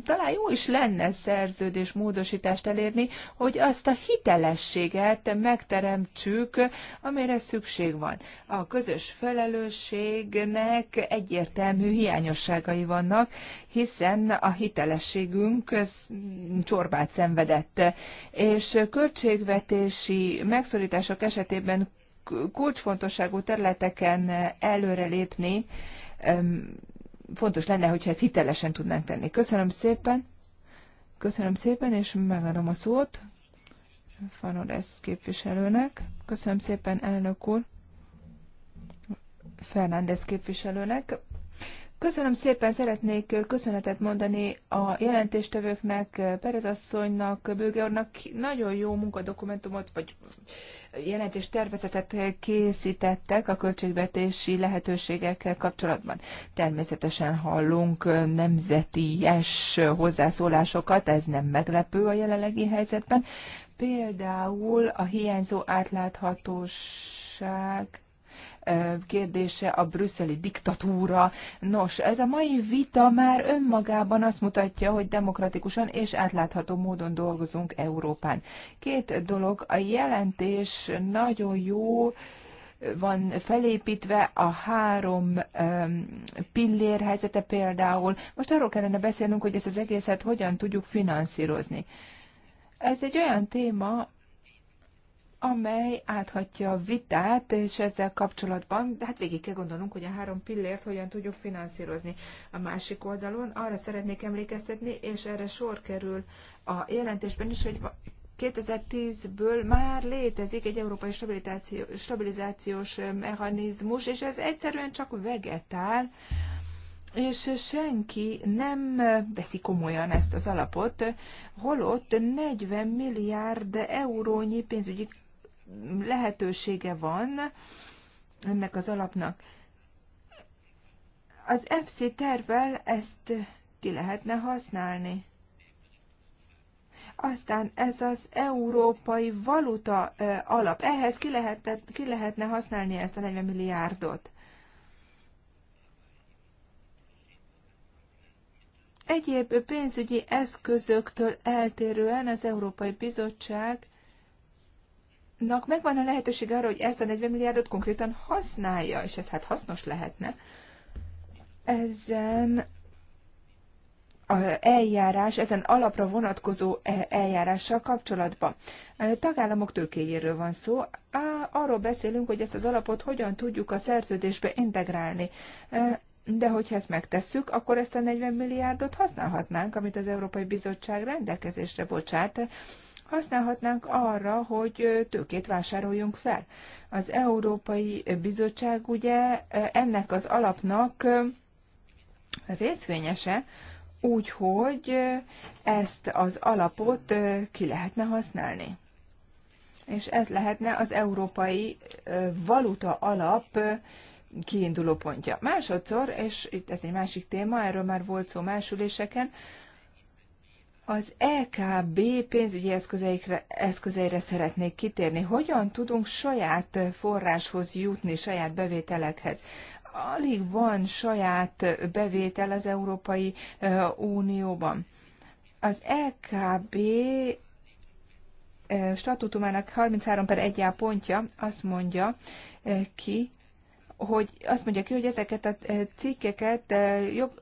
B: talán jó is lenne szerződés módosítást elérni, hogy azt a hitelességet megteremtsük, amire szükség van. A közös felelősségnek egyértelmű hiányosságai vannak, hiszen a hitelesség cégünk csorbát szenvedett, és költségvetési megszorítások esetében kulcsfontosságú területeken előrelépni fontos lenne, hogyha ezt hitelesen tudnánk tenni. Köszönöm szépen, köszönöm szépen, és megadom a szót Fanodesz képviselőnek. Köszönöm szépen, elnök úr. Fernández képviselőnek. Köszönöm szépen, szeretnék köszönetet mondani a jelentéstevőknek, Perez asszonynak, Bőge úrnak. Nagyon jó munkadokumentumot, vagy jelentéstervezetet készítettek a költségvetési lehetőségekkel kapcsolatban. Természetesen hallunk nemzeties hozzászólásokat, ez nem meglepő a jelenlegi helyzetben. Például a hiányzó átláthatóság kérdése, a brüsszeli diktatúra. Nos, ez a mai vita már önmagában azt mutatja, hogy demokratikusan és átlátható módon dolgozunk Európán. Két dolog, a jelentés nagyon jó, van felépítve a három pillér helyzete például. Most arról kellene beszélnünk, hogy ezt az egészet hogyan tudjuk finanszírozni. Ez egy olyan téma, amely áthatja a vitát, és ezzel kapcsolatban, de hát végig kell gondolnunk, hogy a három pillért hogyan tudjuk finanszírozni. A másik oldalon arra szeretnék emlékeztetni, és erre sor kerül a jelentésben is, hogy 2010-ből már létezik egy európai stabilizáció, stabilizációs mechanizmus, és ez egyszerűen csak vegetál, és senki nem veszi komolyan ezt az alapot, holott 40 milliárd eurónyi pénzügyi lehetősége van ennek az alapnak. Az FC tervvel ezt ki lehetne használni. Aztán ez az európai valuta alap. Ehhez ki, lehetne, ki lehetne használni ezt a 40 milliárdot. Egyéb pénzügyi eszközöktől eltérően az Európai Bizottság nak megvan a lehetőség arra, hogy ezt a 40 milliárdot konkrétan használja, és ez hát hasznos lehetne. Ezen eljárás, ezen alapra vonatkozó e- eljárással kapcsolatban. Tagállamok tőkéjéről van szó. Arról beszélünk, hogy ezt az alapot hogyan tudjuk a szerződésbe integrálni. E, de hogyha ezt megtesszük, akkor ezt a 40 milliárdot használhatnánk, amit az Európai Bizottság rendelkezésre bocsát használhatnánk arra, hogy tőkét vásároljunk fel. Az Európai Bizottság ugye ennek az alapnak részvényese, úgyhogy ezt az alapot ki lehetne használni. És ez lehetne az Európai Valuta Alap kiinduló pontja. Másodszor, és itt ez egy másik téma, erről már volt szó másüléseken, az EKB pénzügyi eszközeikre, eszközeire szeretnék kitérni. Hogyan tudunk saját forráshoz jutni, saját bevételekhez? Alig van saját bevétel az Európai Unióban. Az EKB statutumának 33 per 1 pontja azt mondja ki, hogy azt mondja ki, hogy ezeket a cikkeket jog,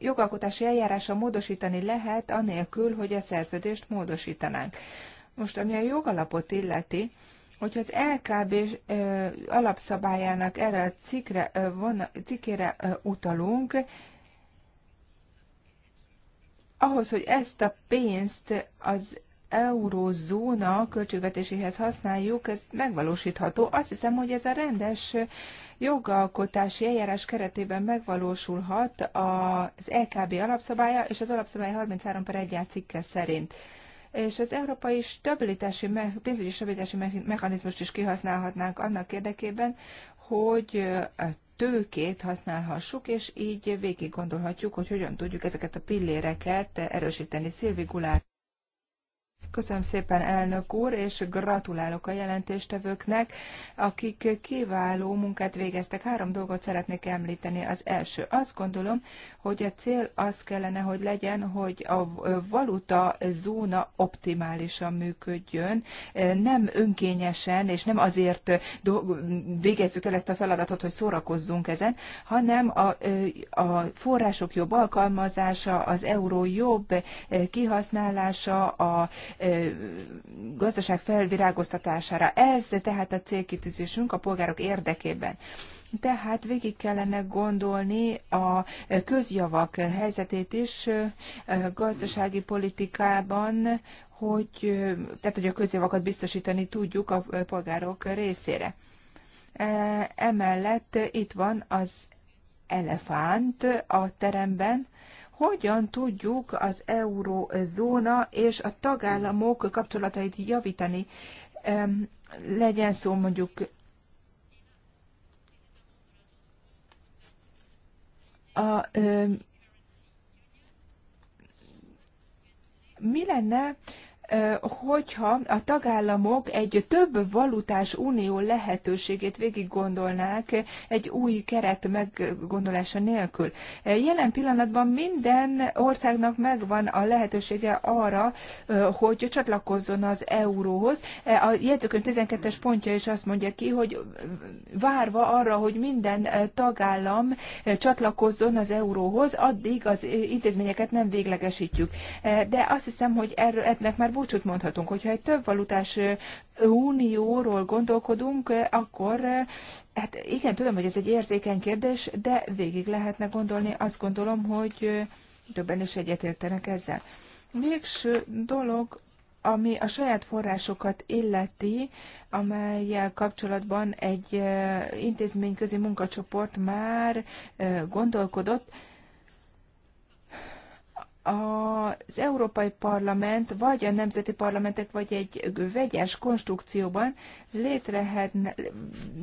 B: jogalkotási eljárása módosítani lehet, anélkül, hogy a szerződést módosítanánk. Most, ami a jogalapot illeti, hogyha az LKB alapszabályának erre a cikre, von, cikkére utalunk, ahhoz, hogy ezt a pénzt az eurózóna költségvetéséhez használjuk, ez megvalósítható. Azt hiszem, hogy ez a rendes jogalkotási eljárás keretében megvalósulhat az LKB e alapszabálya és az alapszabály 33 per 1 cikke szerint és az európai stabilitási, pénzügyi stabilitási mechanizmust is kihasználhatnánk annak érdekében, hogy a tőkét használhassuk, és így végig gondolhatjuk, hogy hogyan tudjuk ezeket a pilléreket erősíteni. Szilvi Gulár. Köszönöm szépen, elnök úr, és gratulálok a jelentéstevőknek, akik kiváló munkát végeztek. Három dolgot szeretnék említeni. Az első, azt gondolom, hogy a cél az kellene, hogy legyen, hogy a valuta zóna optimálisan működjön, nem önkényesen, és nem azért végezzük el ezt a feladatot, hogy szórakozzunk ezen, hanem a, a források jobb alkalmazása, az euró jobb kihasználása, a gazdaság felvirágoztatására. Ez tehát a célkitűzésünk a polgárok érdekében. Tehát végig kellene gondolni a közjavak helyzetét is gazdasági politikában, hogy, tehát, hogy a közjavakat biztosítani tudjuk a polgárok részére. Emellett itt van az elefánt a teremben, hogyan tudjuk az eurózóna és a tagállamok kapcsolatait javítani. Legyen szó mondjuk a, mi lenne, hogyha a tagállamok egy több valutás unió lehetőségét végiggondolnák egy új keret meggondolása nélkül. Jelen pillanatban minden országnak megvan a lehetősége arra, hogy csatlakozzon az euróhoz. A jegyzőkönyv 12-es pontja is azt mondja ki, hogy várva arra, hogy minden tagállam csatlakozzon az euróhoz, addig az intézményeket nem véglegesítjük. De azt hiszem, hogy erről, ennek már búcsút mondhatunk. Hogyha egy több valutás unióról gondolkodunk, akkor hát igen, tudom, hogy ez egy érzékeny kérdés, de végig lehetne gondolni. Azt gondolom, hogy többen is egyetértenek ezzel. Végső dolog, ami a saját forrásokat illeti, amelyel kapcsolatban egy intézményközi munkacsoport már gondolkodott, az Európai Parlament, vagy a nemzeti parlamentek, vagy egy vegyes konstrukcióban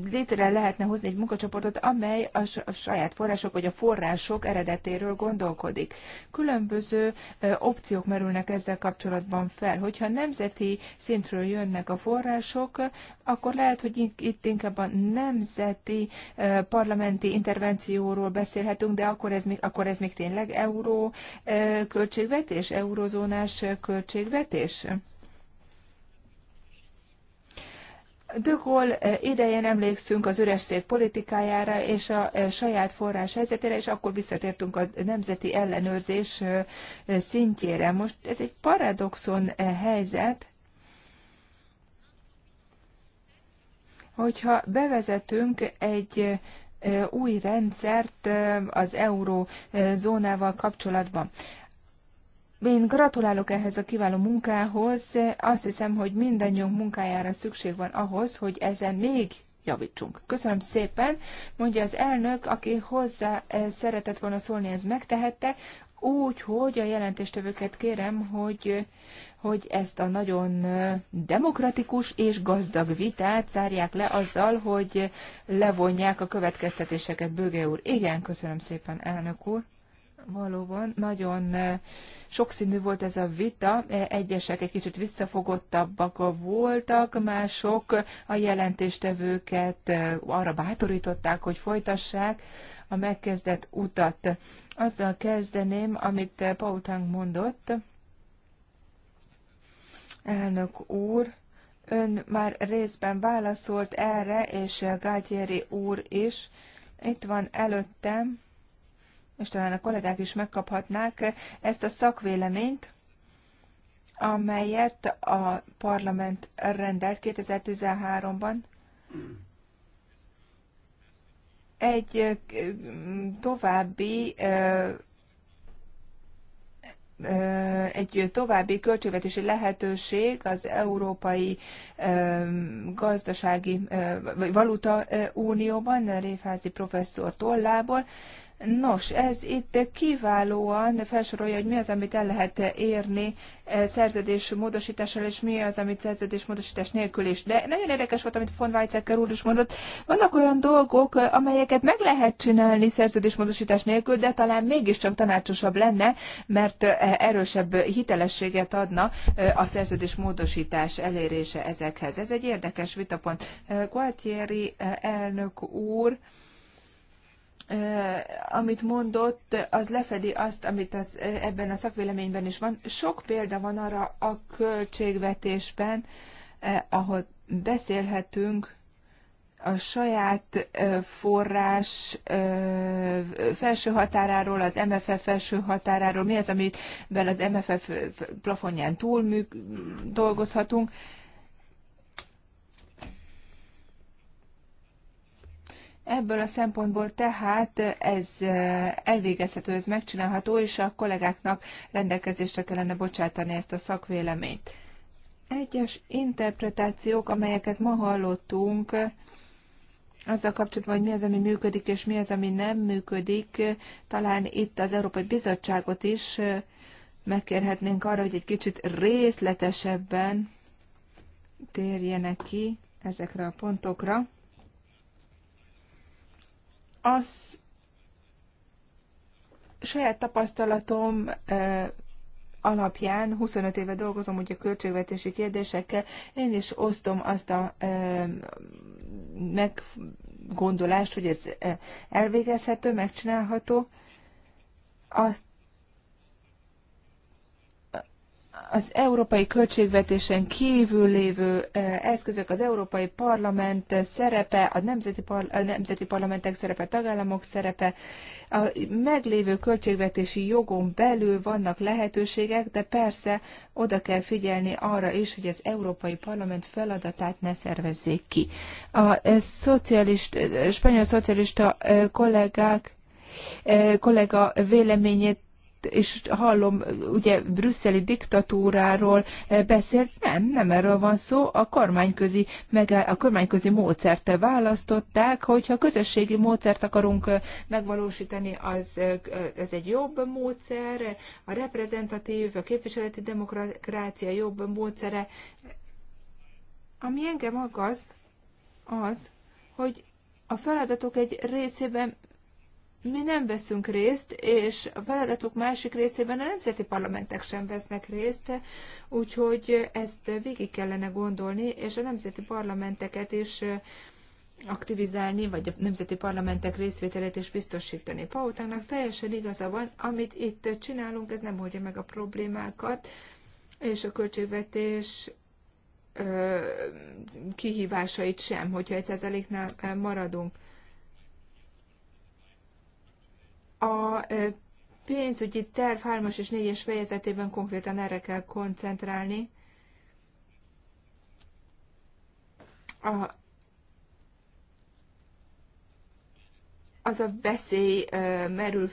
B: létre lehetne hozni egy munkacsoportot, amely a saját források, vagy a források eredetéről gondolkodik. Különböző opciók merülnek ezzel kapcsolatban fel. Hogyha nemzeti szintről jönnek a források, akkor lehet, hogy itt inkább a nemzeti parlamenti intervencióról beszélhetünk, de akkor ez még, akkor ez még tényleg euró költségvetés, eurozónás költségvetés? De Gaulle eh, idején emlékszünk az üres szék politikájára és a eh, saját forrás helyzetére, és akkor visszatértünk a nemzeti ellenőrzés eh, szintjére. Most ez egy paradoxon helyzet, hogyha bevezetünk egy új rendszert az eurózónával kapcsolatban. Én gratulálok ehhez a kiváló munkához. Azt hiszem, hogy mindannyiunk munkájára szükség van ahhoz, hogy ezen még javítsunk. Köszönöm szépen, mondja az elnök, aki hozzá eh, szeretett volna szólni, ez megtehette, úgy, hogy a jelentéstevőket kérem, hogy, hogy ezt a nagyon eh, demokratikus és gazdag vitát zárják le azzal, hogy levonják a következtetéseket, Böge úr. Igen, köszönöm szépen, elnök úr valóban nagyon eh, sokszínű volt ez a vita, eh, egyesek egy kicsit visszafogottabbak voltak, mások a jelentéstevőket eh, arra bátorították, hogy folytassák a megkezdett utat. Azzal kezdeném, amit Tang mondott. Elnök úr, ön már részben válaszolt erre, és Galtieri úr is. Itt van előttem és talán a kollégák is megkaphatnák ezt a szakvéleményt, amelyet a parlament rendelt 2013-ban. Egy további egy további költségvetési lehetőség az Európai Gazdasági vagy Valuta Unióban, Réfázi professzor tollából, Nos, ez itt kiválóan felsorolja, hogy mi az, amit el lehet érni eh, szerződés módosítással, és mi az, amit szerződés módosítás nélkül is. De nagyon érdekes volt, amit von Weizsäcker úr is mondott. Vannak olyan dolgok, eh, amelyeket meg lehet csinálni szerződés módosítás nélkül, de talán mégiscsak tanácsosabb lenne, mert eh, erősebb hitelességet adna a szerződés módosítás elérése ezekhez. Ez egy érdekes vitapont. Gualtieri elnök úr, amit mondott, az lefedi azt, amit az, ebben a szakvéleményben is van. Sok példa van arra a költségvetésben, ahol beszélhetünk a saját forrás felső határáról, az MFF felső határáról, mi az, amivel az MFF plafonján túl dolgozhatunk. Ebből a szempontból tehát ez elvégezhető, ez megcsinálható, és a kollégáknak rendelkezésre kellene bocsátani ezt a szakvéleményt. Egyes interpretációk, amelyeket ma hallottunk, azzal kapcsolatban, hogy mi az, ami működik, és mi az, ami nem működik, talán itt az Európai Bizottságot is megkérhetnénk arra, hogy egy kicsit részletesebben térjenek ki ezekre a pontokra az saját tapasztalatom alapján 25 éve dolgozom ugye költségvetési kérdésekkel, én is osztom azt a e, meggondolást, hogy ez elvégezhető, megcsinálható. A az európai költségvetésen kívül lévő eh, eszközök, az európai parlament szerepe, a nemzeti, par, a nemzeti parlamentek szerepe, a tagállamok szerepe, a meglévő költségvetési jogon belül vannak lehetőségek, de persze oda kell figyelni arra is, hogy az európai parlament feladatát ne szervezzék ki. A eh, szocialist, eh, spanyol szocialista kollégák kollega véleményét és hallom, ugye brüsszeli diktatúráról eh, beszélt, nem, nem erről van szó, a kormányközi, meg a kormányközi módszerte választották, hogyha közösségi módszert akarunk eh, megvalósítani, az, eh, ez egy jobb módszer, a reprezentatív, a képviseleti demokrácia jobb módszere. Ami engem aggaszt, az, hogy a feladatok egy részében mi nem veszünk részt, és a feladatok másik részében a nemzeti parlamentek sem vesznek részt, úgyhogy ezt végig kellene gondolni, és a nemzeti parlamenteket is aktivizálni, vagy a nemzeti parlamentek részvételét is biztosítani. Pautának teljesen igaza van, amit itt csinálunk, ez nem oldja meg a problémákat, és a költségvetés kihívásait sem, hogyha egy százaléknál maradunk. A pénzügyi terv 3-as és 4-es fejezetében konkrétan erre kell koncentrálni. A, az a veszély merül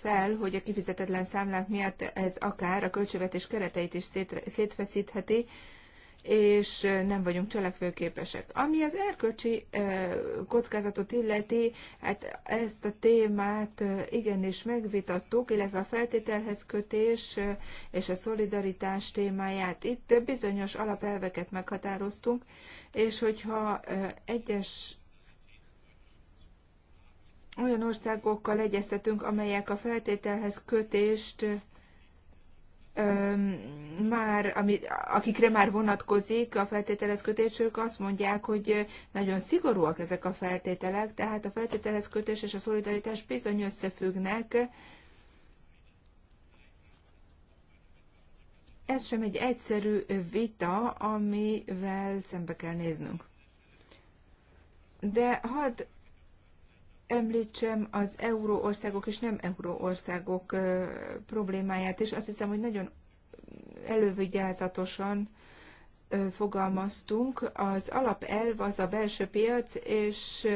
B: fel, hogy a kifizetetlen számlák miatt ez akár a költségvetés kereteit is szétfeszítheti, és nem vagyunk cselekvőképesek. Ami az erkölcsi kockázatot illeti, hát ezt a témát igenis megvitattuk, illetve a feltételhez kötés és a szolidaritás témáját. Itt bizonyos alapelveket meghatároztunk, és hogyha egyes olyan országokkal egyeztetünk, amelyek a feltételhez kötést már, ami, akikre már vonatkozik a feltételezkötés, ők azt mondják, hogy nagyon szigorúak ezek a feltételek, tehát a feltételezkötés és a szolidaritás bizony összefüggnek. Ez sem egy egyszerű vita, amivel szembe kell néznünk. De hadd említsem az euróországok és nem euróországok problémáját, és azt hiszem, hogy nagyon elővigyázatosan fogalmaztunk. Az alapelv az a belső piac, és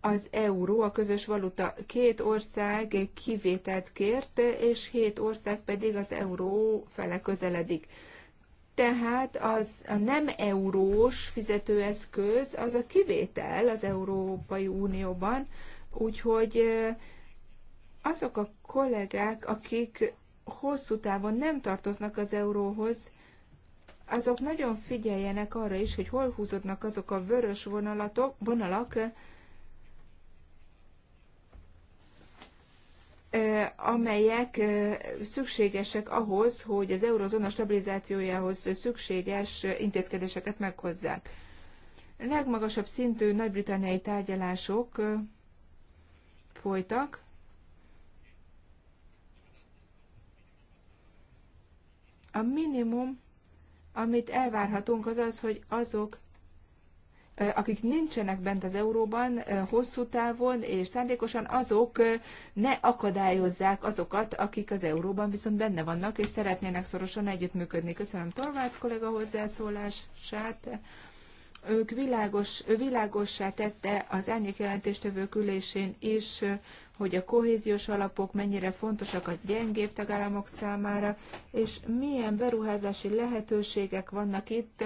B: az euró, a közös valuta. Két ország kivételt kért, és hét ország pedig az euró fele közeledik. Tehát az a nem eurós fizetőeszköz az a kivétel az Európai Unióban, úgyhogy azok a kollégák, akik hosszú távon nem tartoznak az euróhoz, azok nagyon figyeljenek arra is, hogy hol húzódnak azok a vörös vonalatok, vonalak, amelyek szükségesek ahhoz, hogy az eurozóna stabilizációjához szükséges intézkedéseket meghozzák. A legmagasabb szintű nagy-britanniai tárgyalások folytak, A minimum, amit elvárhatunk, az az, hogy azok akik nincsenek bent az euróban hosszú távon és szándékosan, azok ne akadályozzák azokat, akik az euróban viszont benne vannak és szeretnének szorosan együttműködni. Köszönöm Torvács kollega hozzászólását. Ők világos, ő világossá tette az árnyék jelentéstevők ülésén is, hogy a kohéziós alapok mennyire fontosak a gyengébb tagállamok számára, és milyen beruházási lehetőségek vannak itt,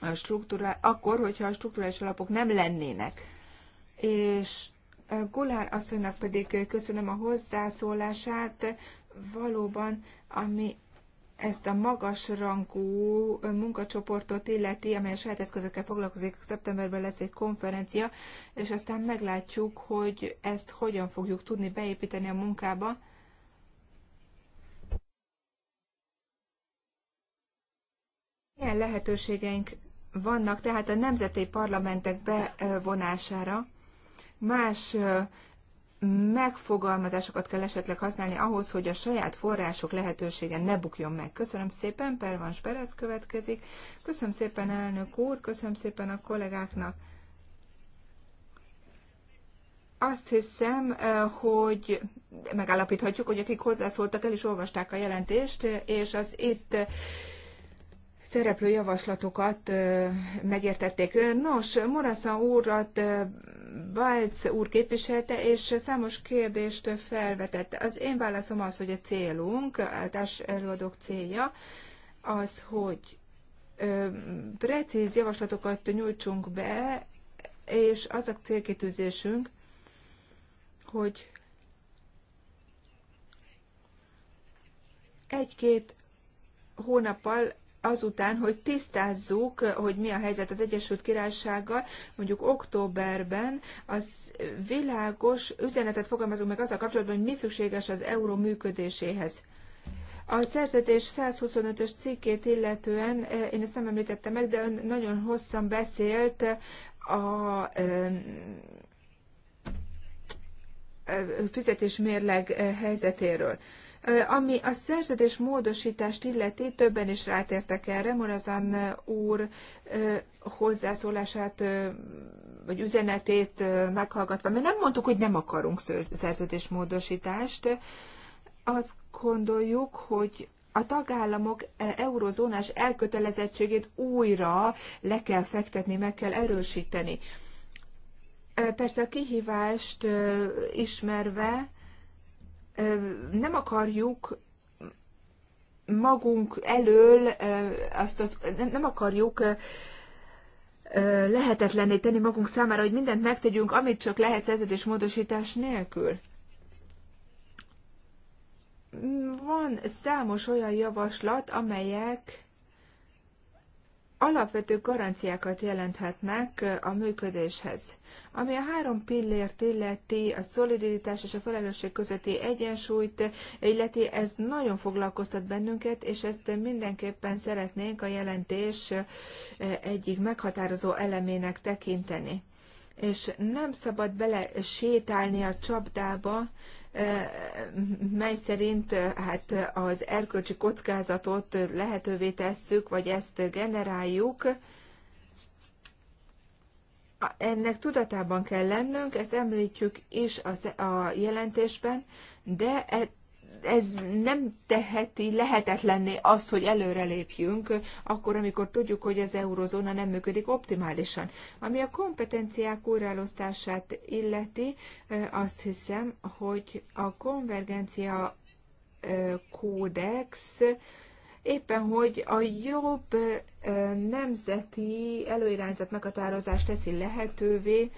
B: a struktúra, akkor, hogyha a struktúrális alapok nem lennének. És e, Gulár asszonynak pedig köszönöm a hozzászólását, valóban, ami ezt a magas rangú munkacsoportot illeti, amely a saját eszközökkel foglalkozik, szeptemberben lesz egy konferencia, és aztán meglátjuk, hogy ezt hogyan fogjuk tudni beépíteni a munkába. Milyen lehetőségeink vannak tehát a nemzeti parlamentek bevonására más megfogalmazásokat kell esetleg használni ahhoz, hogy a saját források lehetősége ne bukjon meg. Köszönöm szépen, Pervans Berez következik. Köszönöm szépen, elnök úr, köszönöm szépen a kollégáknak. Azt hiszem, hogy megállapíthatjuk, hogy akik hozzászóltak, el is olvasták a jelentést, és az itt szereplő javaslatokat megértették. Nos, Morasza úrat Balc úr képviselte, és számos kérdést felvetett. Az én válaszom az, hogy a célunk, a társ előadók célja, az, hogy precíz javaslatokat nyújtsunk be, és az a célkitűzésünk, hogy egy-két hónappal azután, hogy tisztázzuk, hogy mi a helyzet az Egyesült Királysággal, mondjuk októberben, az világos üzenetet fogalmazunk meg azzal kapcsolatban, hogy mi szükséges az euró működéséhez. A szerződés 125-ös cikkét illetően, eh, én ezt nem említettem meg, de ön nagyon hosszan beszélt a eh, fizetésmérleg eh, helyzetéről. Ami a szerződés módosítást illeti, többen is rátértek erre, Morazan úr hozzászólását vagy üzenetét meghallgatva, mert nem mondtuk, hogy nem akarunk szerződés módosítást. Azt gondoljuk, hogy a tagállamok e, eurozónás elkötelezettségét újra le kell fektetni, meg kell erősíteni. Persze a kihívást ismerve, nem akarjuk magunk elől azt az, nem akarjuk lehetetlenné tenni magunk számára, hogy mindent megtegyünk, amit csak lehet szerződés módosítás nélkül. Van számos olyan javaslat, amelyek alapvető garanciákat jelenthetnek a működéshez. Ami a három pillért illeti, a szolidaritás és a felelősség közötti egyensúlyt illeti, ez nagyon foglalkoztat bennünket, és ezt mindenképpen szeretnénk a jelentés egyik meghatározó elemének tekinteni. És nem szabad bele sétálni a csapdába, mely szerint hát az erkölcsi kockázatot lehetővé tesszük, vagy ezt generáljuk, ennek tudatában kell lennünk, ezt említjük is a jelentésben, de e, ez nem teheti lehetetlenné azt, hogy előrelépjünk, akkor, amikor tudjuk, hogy az eurozóna nem működik optimálisan. Ami a kompetenciák újraelosztását illeti, azt hiszem, hogy a konvergencia kódex éppen, hogy a jobb nemzeti előirányzat meghatározást teszi lehetővé,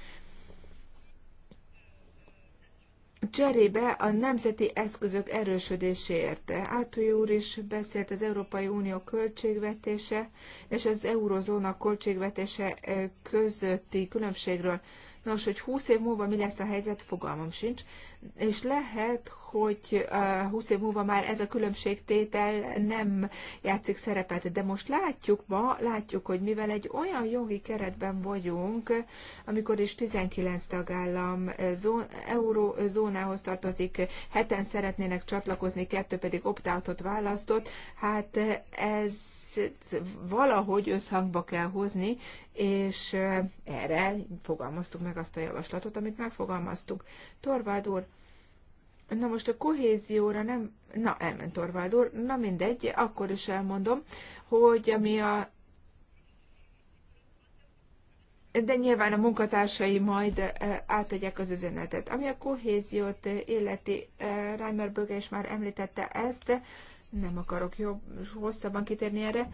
B: cserébe a nemzeti eszközök erősödéséért. Átúj úr is beszélt az Európai Unió költségvetése és az eurozóna költségvetése eh, közötti különbségről. Nos, hogy 20 év múlva mi lesz a helyzet, fogalmam sincs, és lehet, hogy 20 év múlva már ez a különbségtétel nem játszik szerepet, de most látjuk ma, látjuk, hogy mivel egy olyan jogi keretben vagyunk, amikor is 19 tagállam zón, eurózónához tartozik, heten szeretnének csatlakozni, kettő pedig opt-outot választott, hát ez valahogy összhangba kell hozni, és erre fogalmaztuk meg azt a javaslatot, amit megfogalmaztuk. Torvald úr, na most a kohézióra nem, na elment Torvald úr, na mindegy, akkor is elmondom, hogy ami a de nyilván a munkatársai majd átadják az üzenetet. Ami a kohéziót illeti, Reimer Böge is már említette ezt, nem akarok jobb, hosszabban kitérni erre.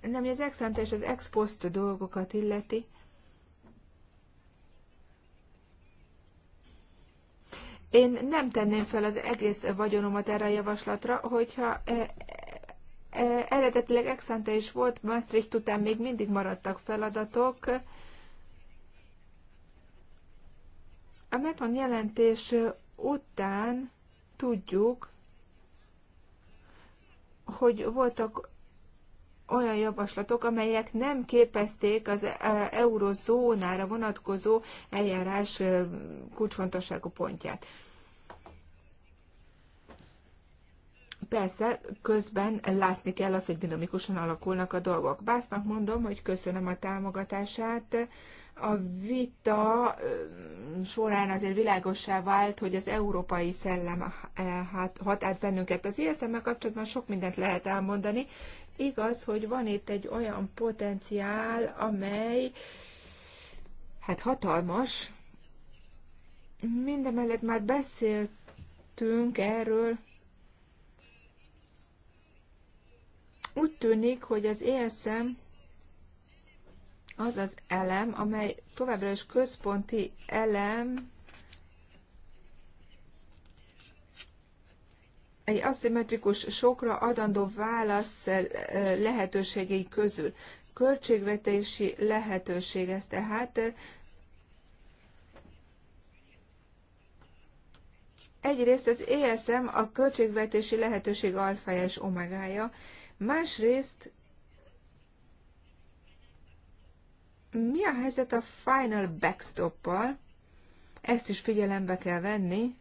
B: Nem, az ex és az ex post dolgokat illeti. Én nem tenném fel az egész vagyonomat erre a javaslatra, hogyha e, e, eredetileg ex is volt, Maastricht után még mindig maradtak feladatok, A Meton jelentés után tudjuk, hogy voltak olyan javaslatok, amelyek nem képezték az e, eurozónára vonatkozó eljárás kulcsfontosságú pontját. Persze, közben látni kell azt, hogy dinamikusan alakulnak a dolgok. Básznak mondom, hogy köszönöm a támogatását a vita során azért világossá vált, hogy az európai szellem eh, hát, hat át bennünket. Az ISM-mel kapcsolatban sok mindent lehet elmondani. Igaz, hogy van itt egy olyan potenciál, amely hát hatalmas. Mindemellett már beszéltünk erről, úgy tűnik, hogy az ESM az az elem, amely továbbra is központi elem egy aszimmetrikus sokra adandó válasz eh, lehetőségei közül. Költségvetési lehetőség ez tehát. Egyrészt az ESM a költségvetési lehetőség alfája és omegája, másrészt Mi a helyzet a final backstop-pal? Ezt is figyelembe kell venni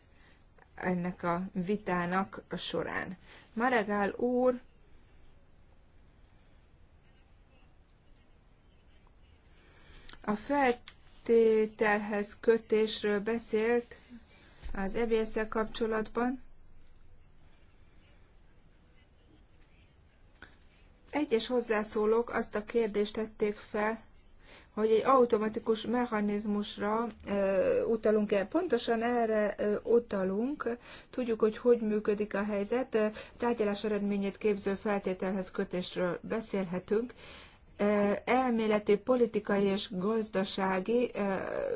B: ennek a vitának a során. Maregál úr a feltételhez kötésről beszélt az ebs kapcsolatban. Egyes hozzászólók azt a kérdést tették fel, hogy egy automatikus mechanizmusra utalunk el. Pontosan erre utalunk, tudjuk, hogy hogy működik a helyzet, tárgyalás eredményét képző feltételhez kötésről beszélhetünk, elméleti, politikai és gazdasági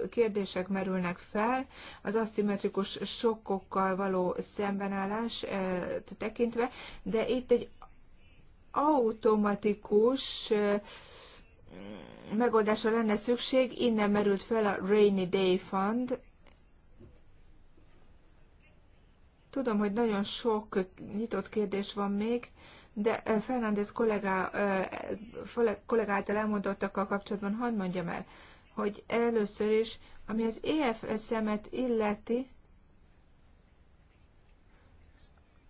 B: kérdések merülnek fel, az aszimmetrikus sokkokkal való szembenállás tekintve, de itt egy automatikus megoldásra lenne szükség, innen merült fel a Rainy Day Fund. Tudom, hogy nagyon sok nyitott kérdés van még, de Fernández kollégá, által elmondottakkal kapcsolatban hadd mondjam el, hogy először is, ami az EFSM-et illeti,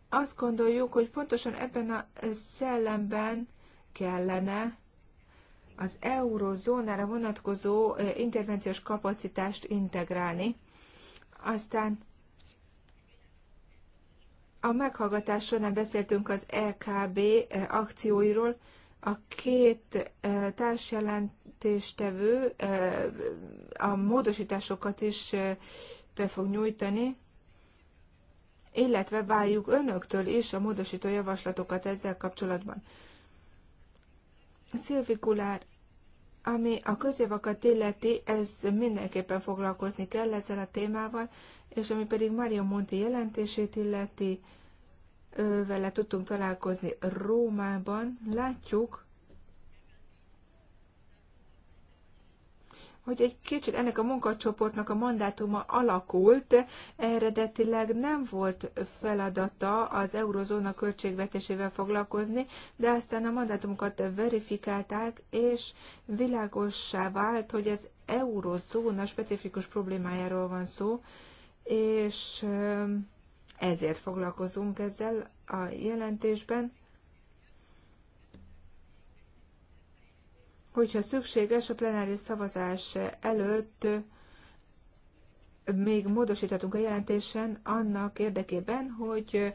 B: azt gondoljuk, hogy pontosan ebben a szellemben kellene az eurozónára vonatkozó intervenciós kapacitást integrálni. Aztán a meghallgatás során beszéltünk az LKB e akcióiról. A két társjelentéstevő a módosításokat is be fog nyújtani, illetve várjuk önöktől is a módosító javaslatokat ezzel kapcsolatban szilvikulár, ami a közjavakat illeti, ez mindenképpen foglalkozni kell ezzel a témával, és ami pedig Mario Monti jelentését illeti, vele tudtunk találkozni Rómában. Látjuk, hogy egy kicsit ennek a munkacsoportnak a mandátuma alakult, eredetileg nem volt feladata az eurozóna költségvetésével foglalkozni, de aztán a mandátumokat verifikálták, és világossá vált, hogy az eurozóna specifikus problémájáról van szó, és ezért foglalkozunk ezzel a jelentésben. hogyha szükséges, a plenáris szavazás előtt még módosíthatunk a jelentésen annak érdekében, hogy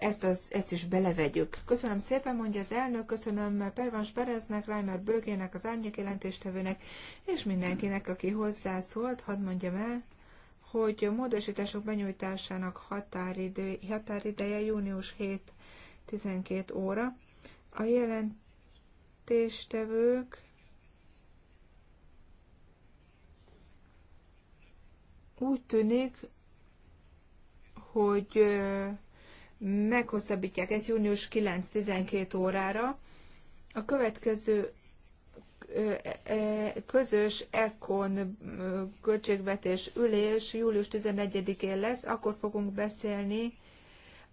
B: ezt, az, ezt is belevegyük. Köszönöm szépen, mondja az elnök, köszönöm Pervans Pereznek, Reimer Bögének, az árnyék jelentéstevőnek, és mindenkinek, aki hozzászólt, hadd mondjam el, hogy a módosítások benyújtásának határide, határideje június 7-12 óra. A jelent jelentéstevők úgy tűnik, hogy meghosszabbítják ezt június 9-12 órára. A következő e, e, közös ekon költségvetés ülés július 11-én lesz, akkor fogunk beszélni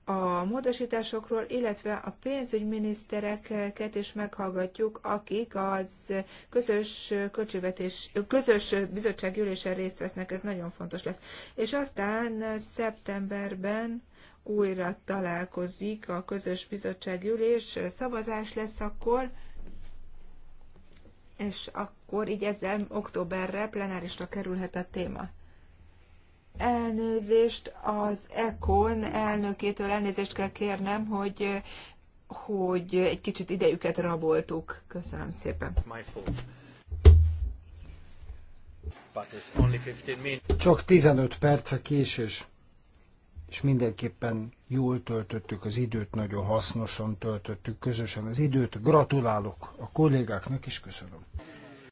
B: a módosításokról, illetve a pénzügyminisztereket is meghallgatjuk, akik az közös költségvetés, közös bizottsággyűlésen részt vesznek, ez nagyon fontos lesz. És aztán szeptemberben újra találkozik a közös bizottsággyűlés, ülés, szavazás lesz akkor, és akkor így ezzel októberre plenárisra kerülhet a téma. Elnézést az ECON elnökétől elnézést kell kérnem, hogy hogy egy kicsit idejüket raboltuk. Köszönöm szépen.
A: Csak 15 perce késés, és mindenképpen jól töltöttük az időt, nagyon hasznosan töltöttük közösen az időt. Gratulálok a kollégáknak, és köszönöm.